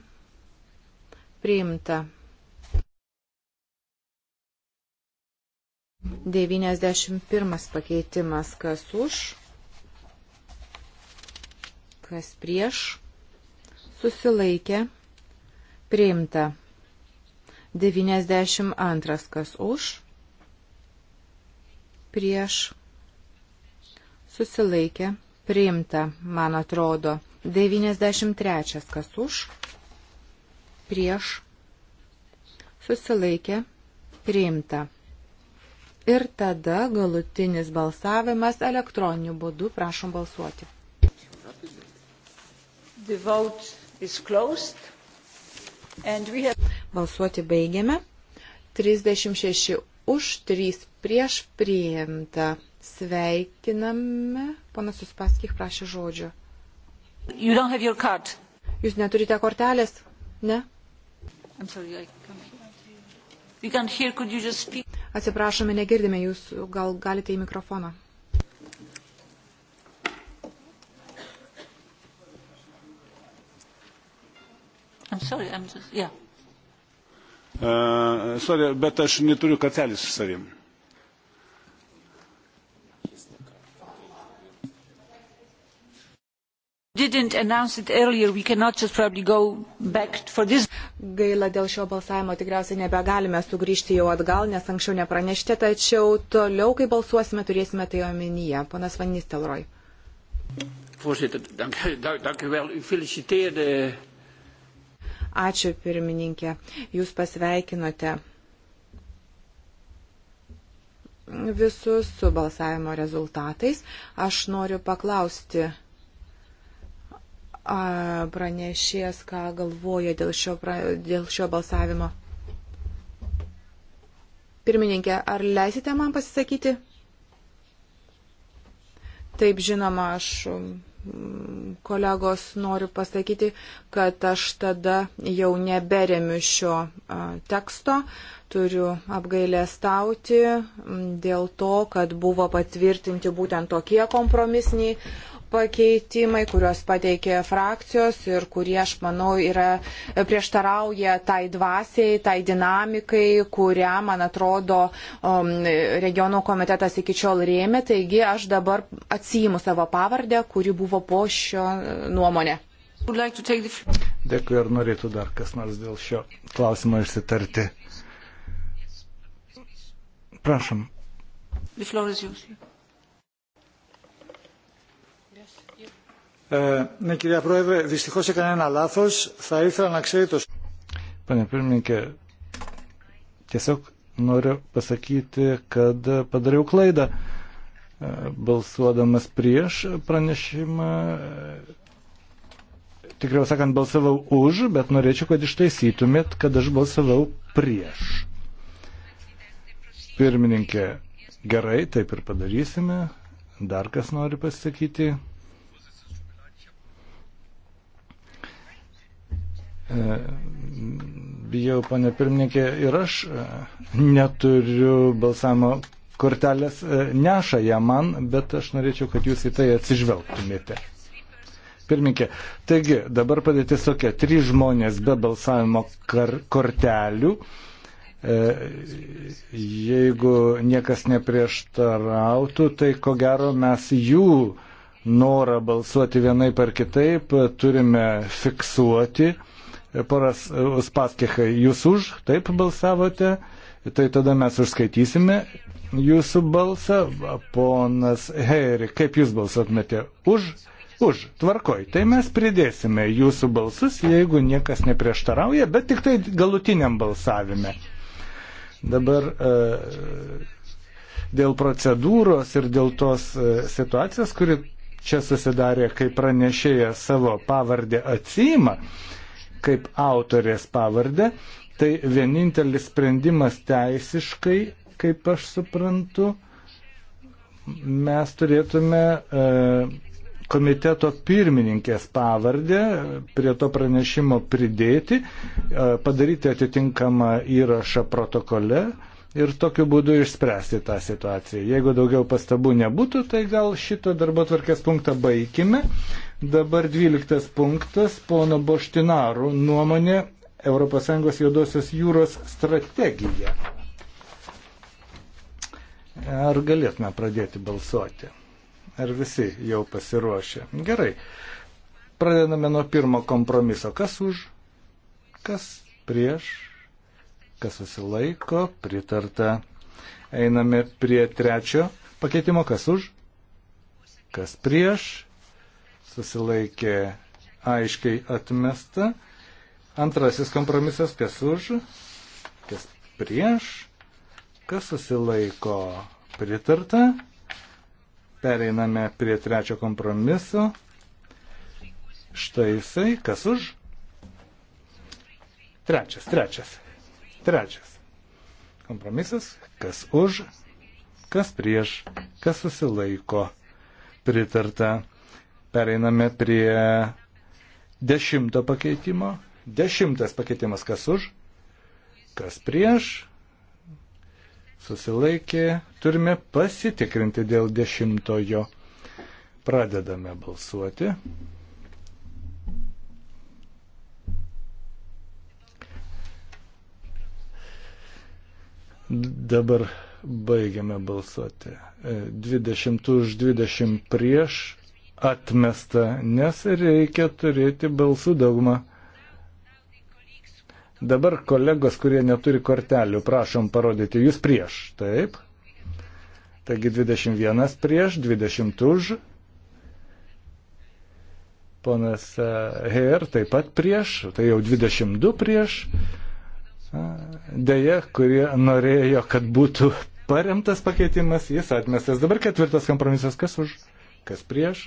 priimta. 91 pakeitimas, kas už, kas prieš, susilaikė, priimta. 92 kas už, prieš, susilaikė, priimta Priimta, man atrodo. 93. Kas už? Prieš. Susilaikė. Priimta. Ir tada galutinis balsavimas elektroniniu būdu. Prašom balsuoti. Have... Balsuoti baigiame. 36 už, 3 prieš priimta. Sveikiname. Panas Uspaskich prašė žodžio. Jūs neturite kortelės? Ne? Sorry, hear, Atsiprašome, negirdime jūs, gal galite į mikrofoną. I'm sorry, I'm just, yeah. uh, sorry, bet aš neturiu kortelės su savimi. didn't announce it earlier, we cannot just probably go back for this. Gaila dėl šio balsavimo tikriausiai nebegalime sugrįžti jau atgal, nes anksčiau nepranešite, tačiau toliau, kai balsuosime, turėsime tai omenyje. Ponas Van Nistelrooy. Voorzitter, dank, dank, dank u wel. U feliciteerde. Ačiū, pirmininkė. Jūs pasveikinote visus su balsavimo rezultatais. Aš noriu paklausti pranešės, ką galvoja dėl šio, dėl šio balsavimo. Pirmininkė, ar leisite man pasisakyti? Taip, žinoma, aš kolegos noriu pasakyti, kad aš tada jau neberemiu šio teksto, turiu apgailę stauti dėl to, kad buvo patvirtinti būtent tokie kompromisiniai pakeitimai, kuriuos pateikė frakcijos ir kurie, aš manau, yra prieštarauja tai dvasiai, tai dinamikai, kurią, man atrodo, um, regionų komitetas iki šiol rėmė. Taigi aš dabar atsijimu savo pavardę, kuri buvo po šio nuomonė. Dėkui, ar norėtų dar kas nors dėl šio klausimo išsitarti. Prašom. The floor is yours. Ε, ναι, κυρία Πρόεδρε, δυστυχώς έκανα ένα λάθος. Θα ήθελα να ξέρει το... Pane pirmininkė, tiesiog noriu pasakyti, kad padariau klaidą e, balsuodamas prieš pranešimą. Tikriau sakant, balsavau už, bet norėčiau, kad ištaisytumėt, kad aš balsavau prieš. Pirmininkė, gerai, taip ir padarysime. Dar kas nori pasakyti? E, bijau, ponė pirmininkė, ir aš e, neturiu balsavimo kortelės, e, neša ją man, bet aš norėčiau, kad jūs į tai atsižvelgtumėte. Pirmininkė, taigi dabar padėtis tokia, trys žmonės be balsavimo kortelių. Jeigu niekas neprieštarautų, tai ko gero mes jų norą balsuoti vienai par kitaip turime fiksuoti poras Uspaskichai, jūs už, taip balsavote, tai tada mes užskaitysime jūsų balsą. Ponas Heiri, kaip jūs balsuotumėte? Už, už, tvarkoj. Tai mes pridėsime jūsų balsus, jeigu niekas neprieštarauja, bet tik tai galutiniam balsavime. Dabar e, dėl procedūros ir dėl tos e, situacijos, kuri čia susidarė, kai pranešėja savo pavardę atsima, kaip autorės pavardę, tai vienintelis sprendimas teisiškai, kaip aš suprantu, mes turėtume e, komiteto pirmininkės pavardę prie to pranešimo pridėti, e, padaryti atitinkamą įrašą protokole ir tokiu būdu išspręsti tą situaciją. Jeigu daugiau pastabų nebūtų, tai gal šito darbo tvarkės punktą baigime. Dabar 12 punktas, pono Boštinarų nuomonė ES juodosios jūros strategija. Ar galėtume pradėti balsuoti? Ar visi jau pasiruošę? Gerai. Pradedame nuo pirmo kompromiso. Kas už? Kas prieš? Kas susilaiko? Pritarta. Einame prie trečio pakeitimo. Kas už? Kas prieš? susilaikė aiškiai atmesta. Antrasis kompromisas, kas už, kas prieš, kas susilaiko pritarta. Pereiname prie trečio kompromiso. Štai jisai, kas už. Trečias, trečias, trečias. Kompromisas, kas už, kas prieš, kas susilaiko pritarta. Pereiname prie dešimto pakeitimo. Dešimtas pakeitimas kas už, kas prieš. Susilaikė. Turime pasitikrinti dėl dešimtojo. Pradedame balsuoti. Dabar baigiame balsuoti. 20 už 20 prieš atmesta, nes reikia turėti balsų daugumą. Dabar kolegos, kurie neturi kortelių, prašom parodyti jūs prieš. Taip. Taigi 21 prieš, 20 už. Ponas e, Heer taip pat prieš, tai jau 22 prieš. Deja, kurie norėjo, kad būtų paremtas pakeitimas, jis atmestas. Dabar ketvirtas kompromisas, kas už, kas prieš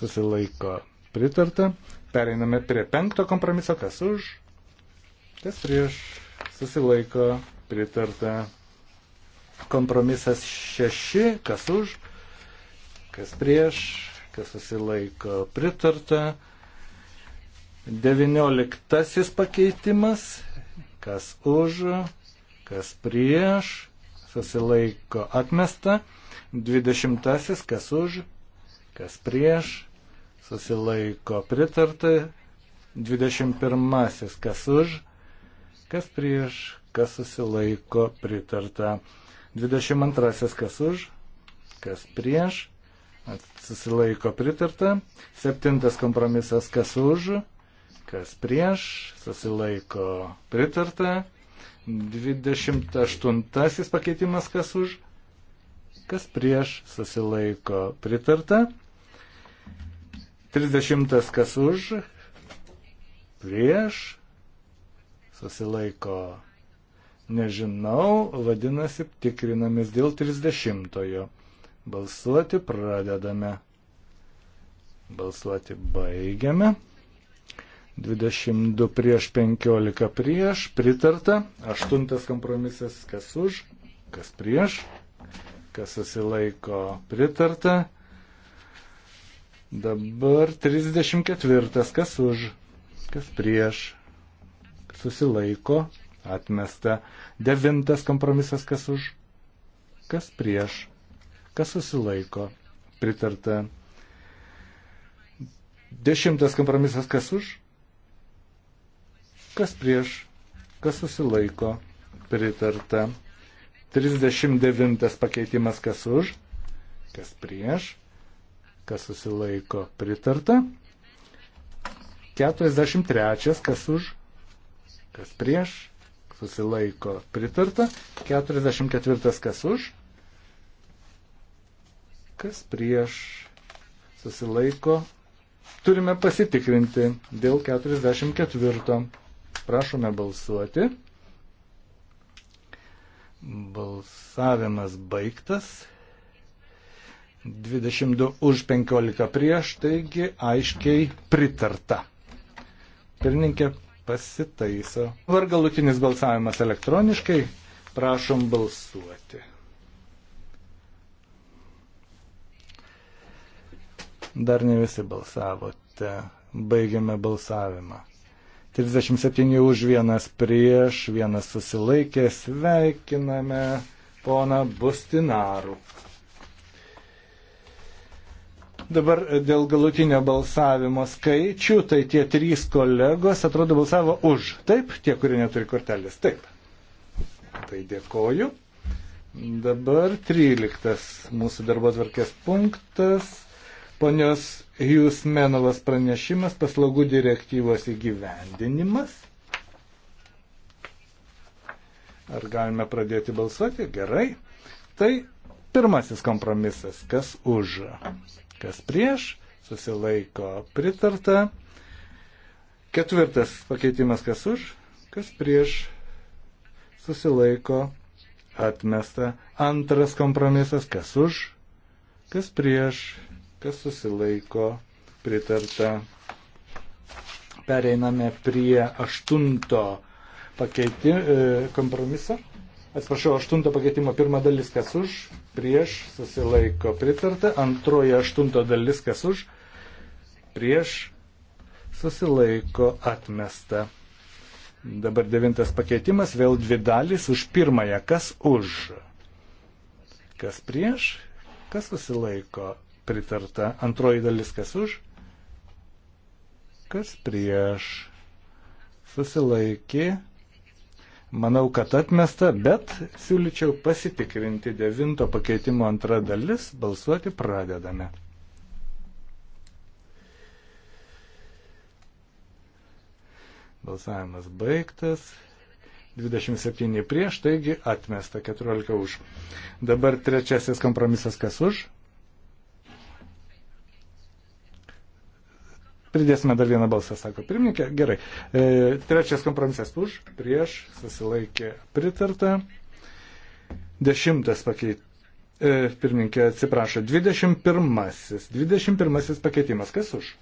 susilaiko pritarta. Pereiname prie penkto kompromiso, kas už, kas prieš, susilaiko pritarta. Kompromisas šeši, kas už, kas prieš, kas susilaiko pritarta. Devinioliktasis pakeitimas, kas už, kas prieš, susilaiko atmesta. Dvidešimtasis, kas už, kas prieš, susilaiko pritarta. 21. Kas už, kas prieš, kas susilaiko pritarta. 22. Kas už, kas prieš, susilaiko pritarta. 7. Kompromisas. Kas už, kas prieš, susilaiko pritarta. 28 pakeitimas kas už, kas prieš, susilaiko pritarta. 30 kas už, prieš, susilaiko nežinau, vadinasi, tikrinamės dėl 30-ojo. Balsuoti pradedame. Balsuoti baigiame. 22 prieš 15 prieš, pritarta. 8 kompromisas, kas už, kas prieš, kas susilaiko, pritarta. Dabar 34. Kas už, kas prieš, susilaiko, atmesta. Devintas kompromisas, kas už, kas prieš, kas susilaiko, pritarta. Dešimtas kompromisas, kas už, kas prieš, kas susilaiko, pritarta. 39 pakeitimas, kas už, kas prieš, kas susilaiko pritarta. 43, kas už, kas prieš, susilaiko pritarta. 44, kas už, kas prieš, susilaiko. Turime pasitikrinti dėl 44. Prašome balsuoti. Balsavimas baigtas. 22 už 15 prieš, taigi aiškiai pritarta. Pirmininkė pasitaiso. Var galutinis balsavimas elektroniškai. Prašom balsuoti. Dar ne visi balsavote. Baigiame balsavimą. 37 už vienas prieš, vienas susilaikė. Sveikiname poną Bustinarų. Dabar e, dėl galutinio balsavimo skaičių, tai tie trys kolegos atrodo balsavo už. Taip, tie, kurie neturi kortelės. Taip. Tai dėkoju. Dabar 13 mūsų darbo tvarkės punktas. Ponios Jūs Menovas pranešimas, paslaugų direktyvos įgyvendinimas. Ar galime pradėti balsuoti? Gerai. Tai pirmasis kompromisas. Kas už? kas prieš, susilaiko pritarta. Ketvirtas pakeitimas, kas už, kas prieš, susilaiko atmesta. Antras kompromisas, kas už, kas prieš, kas susilaiko pritarta. Pereiname prie aštunto pakeiti, e, kompromiso. Atsiprašau, aštunto pakeitimo pirma dalis kas už, prieš susilaiko pritarta, antroji aštunto dalis kas už, prieš susilaiko atmesta. Dabar devintas pakeitimas, vėl dvi dalys už pirmąją, kas už, kas prieš, kas susilaiko pritarta, antroji dalis kas už, kas prieš susilaikė pritarta manau, kad atmesta, bet siūlyčiau pasitikrinti devinto pakeitimo antra dalis, balsuoti pradedame. Balsavimas baigtas. 27 prieš, taigi atmesta 14 už. Dabar trečiasis kompromisas kas už? Pridėsime dar vieną balsą, sako pirmininkė. Gerai. E, trečias kompromisas už, prieš, susilaikė pritarta. Dešimtas pakeitimas. E, pirmininkė atsiprašo. Dvidešimt pirmasis. Dvidešimt pirmasis pakeitimas. Kas už?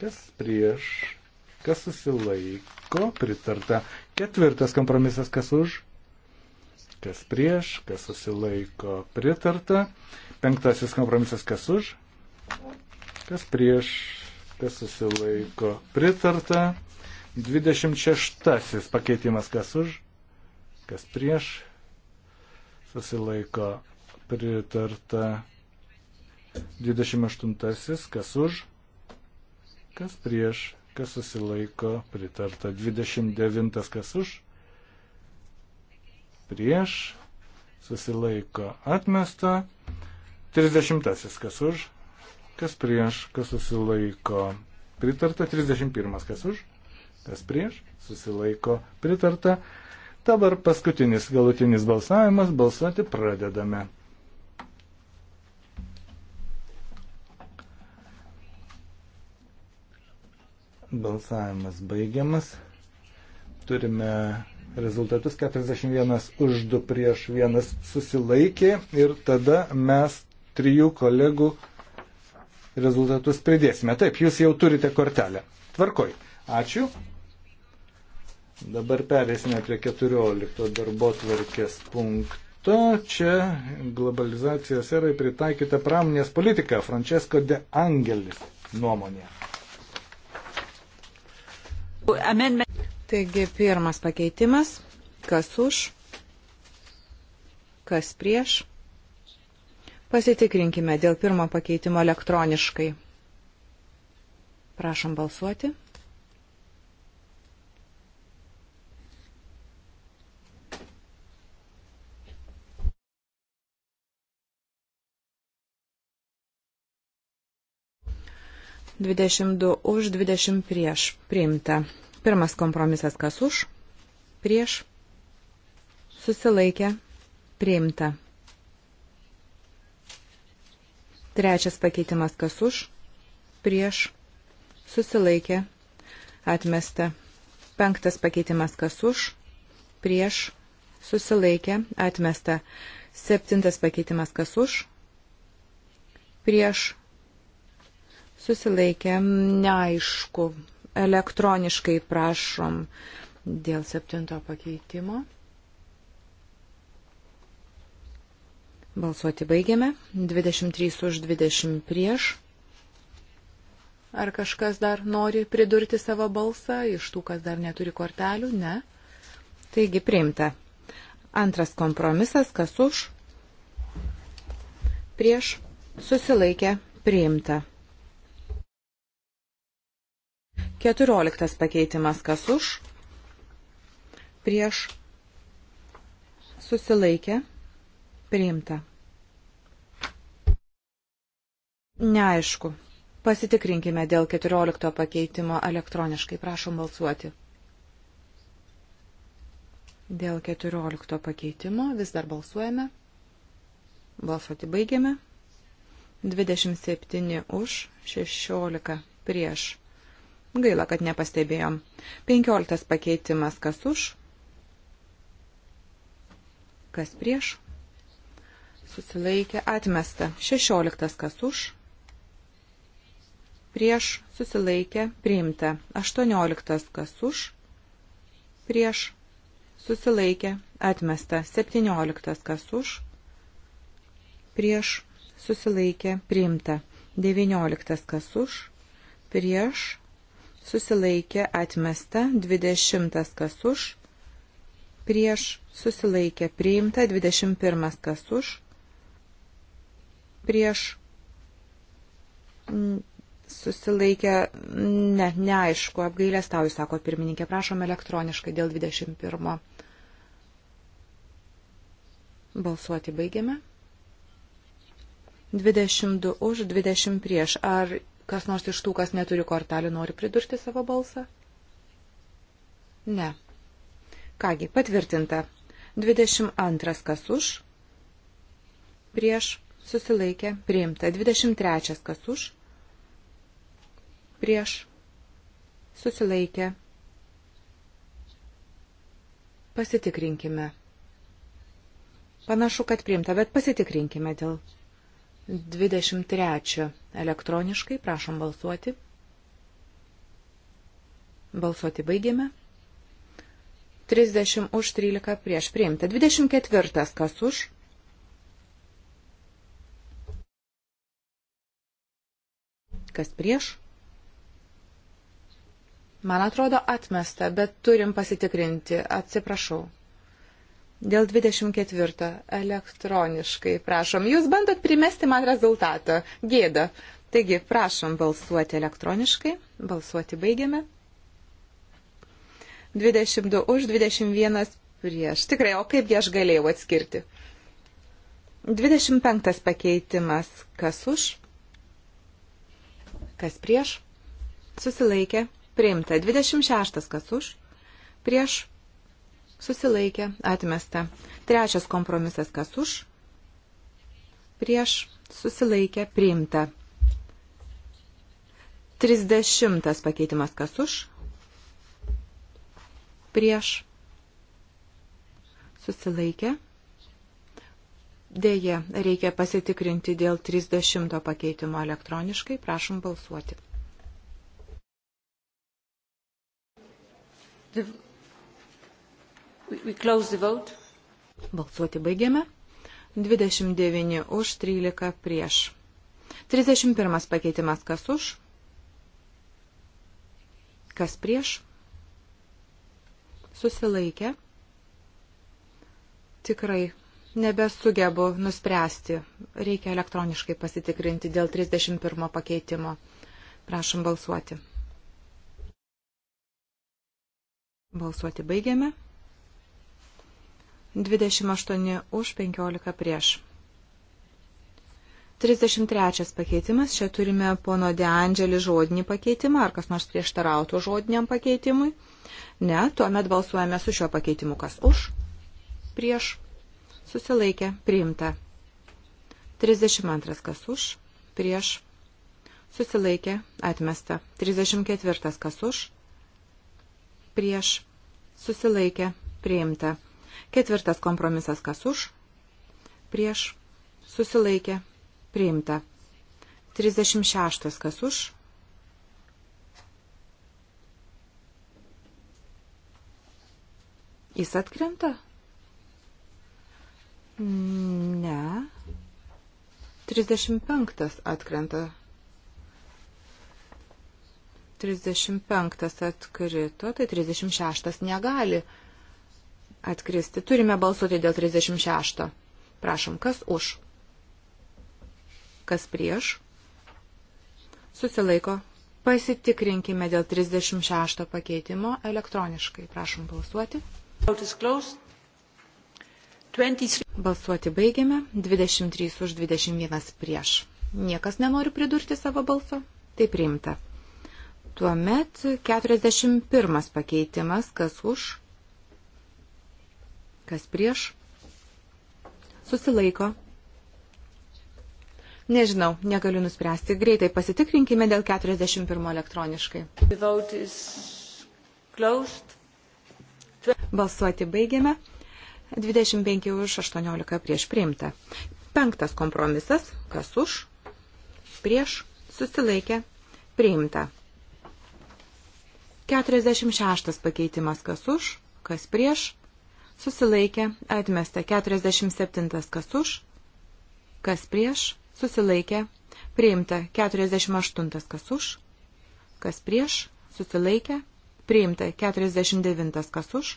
Kas prieš? Kas susilaiko? Pritarta. Ketvirtas kompromisas. Kas už? Kas prieš? Kas susilaiko? Pritarta. Penktasis kompromisas. Kas už? Kas prieš? kas susilaiko pritarta. 26 pakeitimas kas už, kas prieš, susilaiko pritarta. 28 kas už, kas prieš, kas susilaiko pritarta. 29 kas už, prieš, susilaiko atmesta. 30 kas už, kas prieš, kas susilaiko. Pritarta 31, kas už, kas prieš, susilaiko. Pritarta. Dabar paskutinis galutinis balsavimas, balsuoti pradedame. Balsavimas baigiamas. Turime rezultatus 41 už 2 prieš 1 susilaikė ir tada mes trijų kolegų rezultatus pridėsime. Taip, jūs jau turite kortelę. Tvarkoj. Ačiū. Dabar perėsime prie 14 darbo tvarkės punkto. Čia globalizacijos erai pritaikyta pramonės politika. Francesco de Angelis nuomonė. Taigi pirmas pakeitimas. Kas už? Kas prieš? Pasitikrinkime dėl pirmo pakeitimo elektroniškai. Prašom balsuoti. Dvidešimt du už, dvidešimt prieš. Priimta. Pirmas kompromisas kas už, prieš, susilaikė, priimta. Trečias pakeitimas kas už, prieš, susilaikė, atmesta. Penktas pakeitimas kas už, prieš, susilaikė, atmesta. Septintas pakeitimas kas už, prieš, susilaikė, neaišku, elektroniškai prašom dėl septinto pakeitimo. Balsuoti baigiame. 23 už 20 prieš. Ar kažkas dar nori pridurti savo balsą iš tų, kas dar neturi kortelių? Ne. Taigi priimta. Antras kompromisas, kas už? Prieš. Susilaikė. Priimta. Keturioliktas pakeitimas, kas už? Prieš. Susilaikė. Priimta Priimta. Neaišku. Pasitikrinkime dėl 14 pakeitimo elektroniškai. Prašom balsuoti. Dėl 14 pakeitimo vis dar balsuojame. Balsuoti baigiame. 27 už, 16 prieš. Gaila, kad nepastebėjom. 15 pakeitimas kas už, kas prieš susilaikė atmesta. 16 kas už, prieš susilaikė priimta. 18 kas už, prieš susilaikė atmesta. 17 kas už, prieš susilaikė priimta. 19 kas už, prieš susilaikė atmesta. 20 kas už, prieš susilaikė priimta. 21 kas už, prieš mm, susilaikę, ne, neaišku, apgailę stauju, sako pirmininkė, prašom elektroniškai dėl 21. Balsuoti baigiame. 22 už, 20 prieš. Ar kas nors iš tų, kas neturi kortelių, nori pridurti savo balsą? Ne. Kągi, patvirtinta. 22 kas už, prieš susilaikė priimta. 23 kas už, prieš, susilaikė. Pasitikrinkime. Panašu, kad priimta, bet pasitikrinkime dėl 23 elektroniškai. Prašom balsuoti. Balsuoti baigėme. 30 už 13 prieš priimta. 24 kas už Kas prieš? Man atrodo atmesta, bet turim pasitikrinti. Atsiprašau. Dėl 24 elektroniškai, prašom. Jūs bandot primesti man rezultatą. Gėda. Taigi, prašom balsuoti elektroniškai. Balsuoti baigiame. 22 už, 21 prieš. Tikrai, o kaipgi aš galėjau atskirti? 25 pakeitimas. Kas už? Kas prieš? Susilaikė. Priimta. 26. Kas už? Prieš. Susilaikė. Atmesta. Trečias kompromisas. Kas už? Prieš. Susilaikė. Priimta. 30. Pakeitimas. Kas už? Prieš. Susilaikė. Deja, reikia pasitikrinti dėl 30 pakeitimo elektroniškai. Prašom balsuoti. The... We close the vote. Balsuoti baigiame. 29 už, 13 prieš. 31 pakeitimas kas už, kas prieš, susilaikė. Tikrai nebesugebu nuspręsti. Reikia elektroniškai pasitikrinti dėl 31 pakeitimo. Prašom balsuoti. Balsuoti baigiame. 28 už 15 prieš. 33 pakeitimas. Čia turime pono Deandželį žodinį pakeitimą. Ar kas nors prieštarautų žodiniam pakeitimui? Ne, tuomet balsuojame su šiuo pakeitimu. Kas už? Prieš susilaikė, priimta. 32 kas už, prieš, susilaikė, atmesta. 34 kas už, prieš, susilaikė, priimta. Ketvirtas kompromisas kas už, prieš, susilaikė, priimta. 36 kas už, Jis atkrenta? Ne. 35 atkrenta. 35 atkrito, tai 36 negali atkristi. Turime balsuoti dėl 36. Prašom, kas už? Kas prieš? Susilaiko. Pasitikrinkime dėl 36 pakeitimo elektroniškai. Prašom balsuoti. Vote is closed. 23. Balsuoti baigiame. 23 už 21 prieš. Niekas nenori pridurti savo balso. Tai priimta. Tuomet 41 pakeitimas, kas už, kas prieš, susilaiko. Nežinau, negaliu nuspręsti. Greitai pasitikrinkime dėl 41 elektroniškai. Balsuoti baigiame. 25 už 18 prieš priimta. Penktas kompromisas, kas už, prieš, susilaikė, priimta. 46 pakeitimas, kas už, kas prieš, susilaikė, atmesta. 47 kas už, kas prieš, susilaikė, priimta. 48 kas už, kas prieš, susilaikė, priimta. 49 kas už,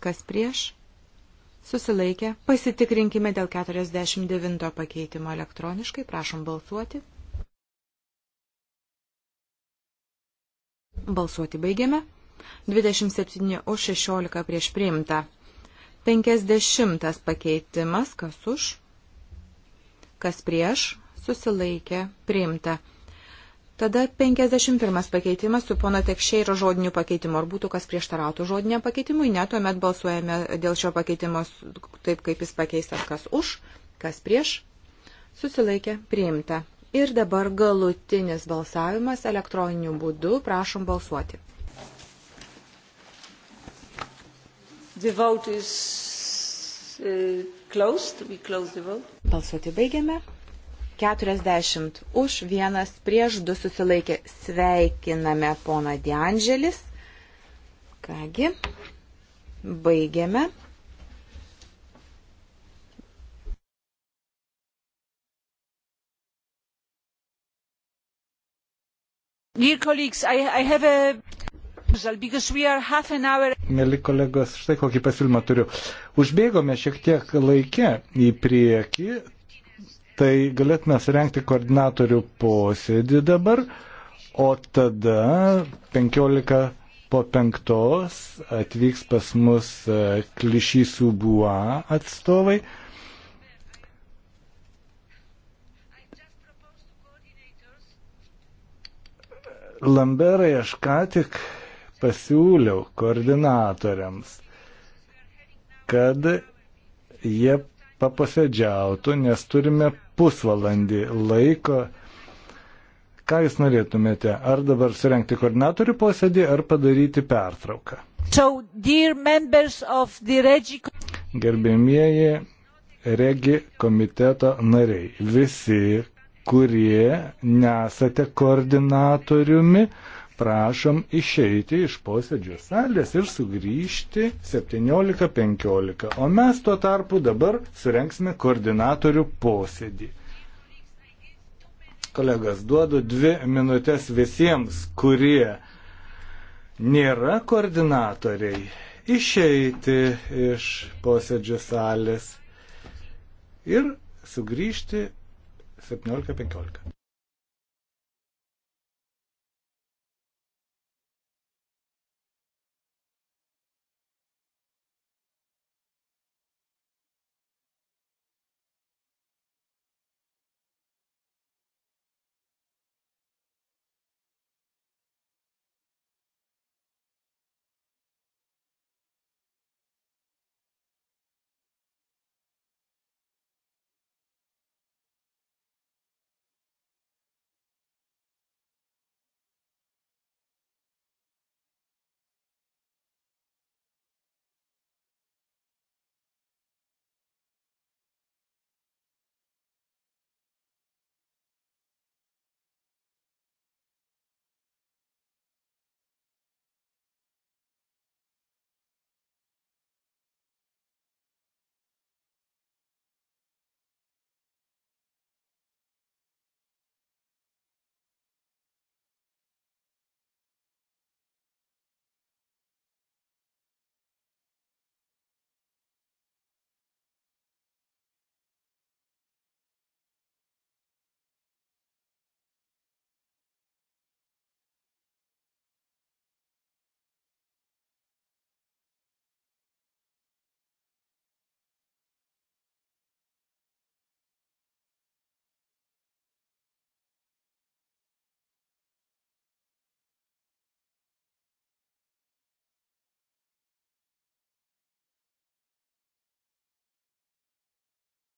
Kas prieš? Susilaikę. Pasitikrinkime dėl 49 pakeitimo elektroniškai. Prašom balsuoti. Balsuoti baigiame. 27 už 16 prieš priimta. 50 pakeitimas. Kas už? Kas prieš? Susilaikė. Priimta. Tada 51 pakeitimas su pono Tekšeiro žodiniu pakeitimu. Ar būtų kas prieštarautų žodiniam pakeitimui? Ne, tuomet balsuojame dėl šio pakeitimo taip, kaip jis pakeistas, kas už, kas prieš. Susilaikė, priimta. Ir dabar galutinis balsavimas elektroniniu būdu. Prašom balsuoti. The vote is uh, closed. We close the vote. Balsuoti baigiame. 40 už, vienas prieš, du susilaikė. Sveikiname poną Dianželis. Kągi, baigiame. Dear colleagues, I, I have a Mėly kolegos, štai kokį pasiūlymą turiu. Užbėgome šiek tiek laikę į priekį, tai galėtume surenkti koordinatorių posėdį dabar, o tada 15 po penktos atvyks pas mus e, klišys UBUA atstovai. Lamberai aš ką tik pasiūliau koordinatoriams, kad jie papasėdžiautų, nes turime pusvalandį laiko. Ką Jūs norėtumėte? Ar dabar surenkti koordinatorių posėdį, ar padaryti pertrauką? So, regi... Gerbėmieji regi komiteto nariai, visi, kurie nesate koordinatoriumi, prašom išeiti iš posėdžio salės ir sugrįžti 17.15. O mes tuo tarpu dabar surenksime koordinatorių posėdį. Kolegas, duodu dvi minutės visiems, kurie nėra koordinatoriai, išeiti iš posėdžio salės ir sugrįžti 17.15.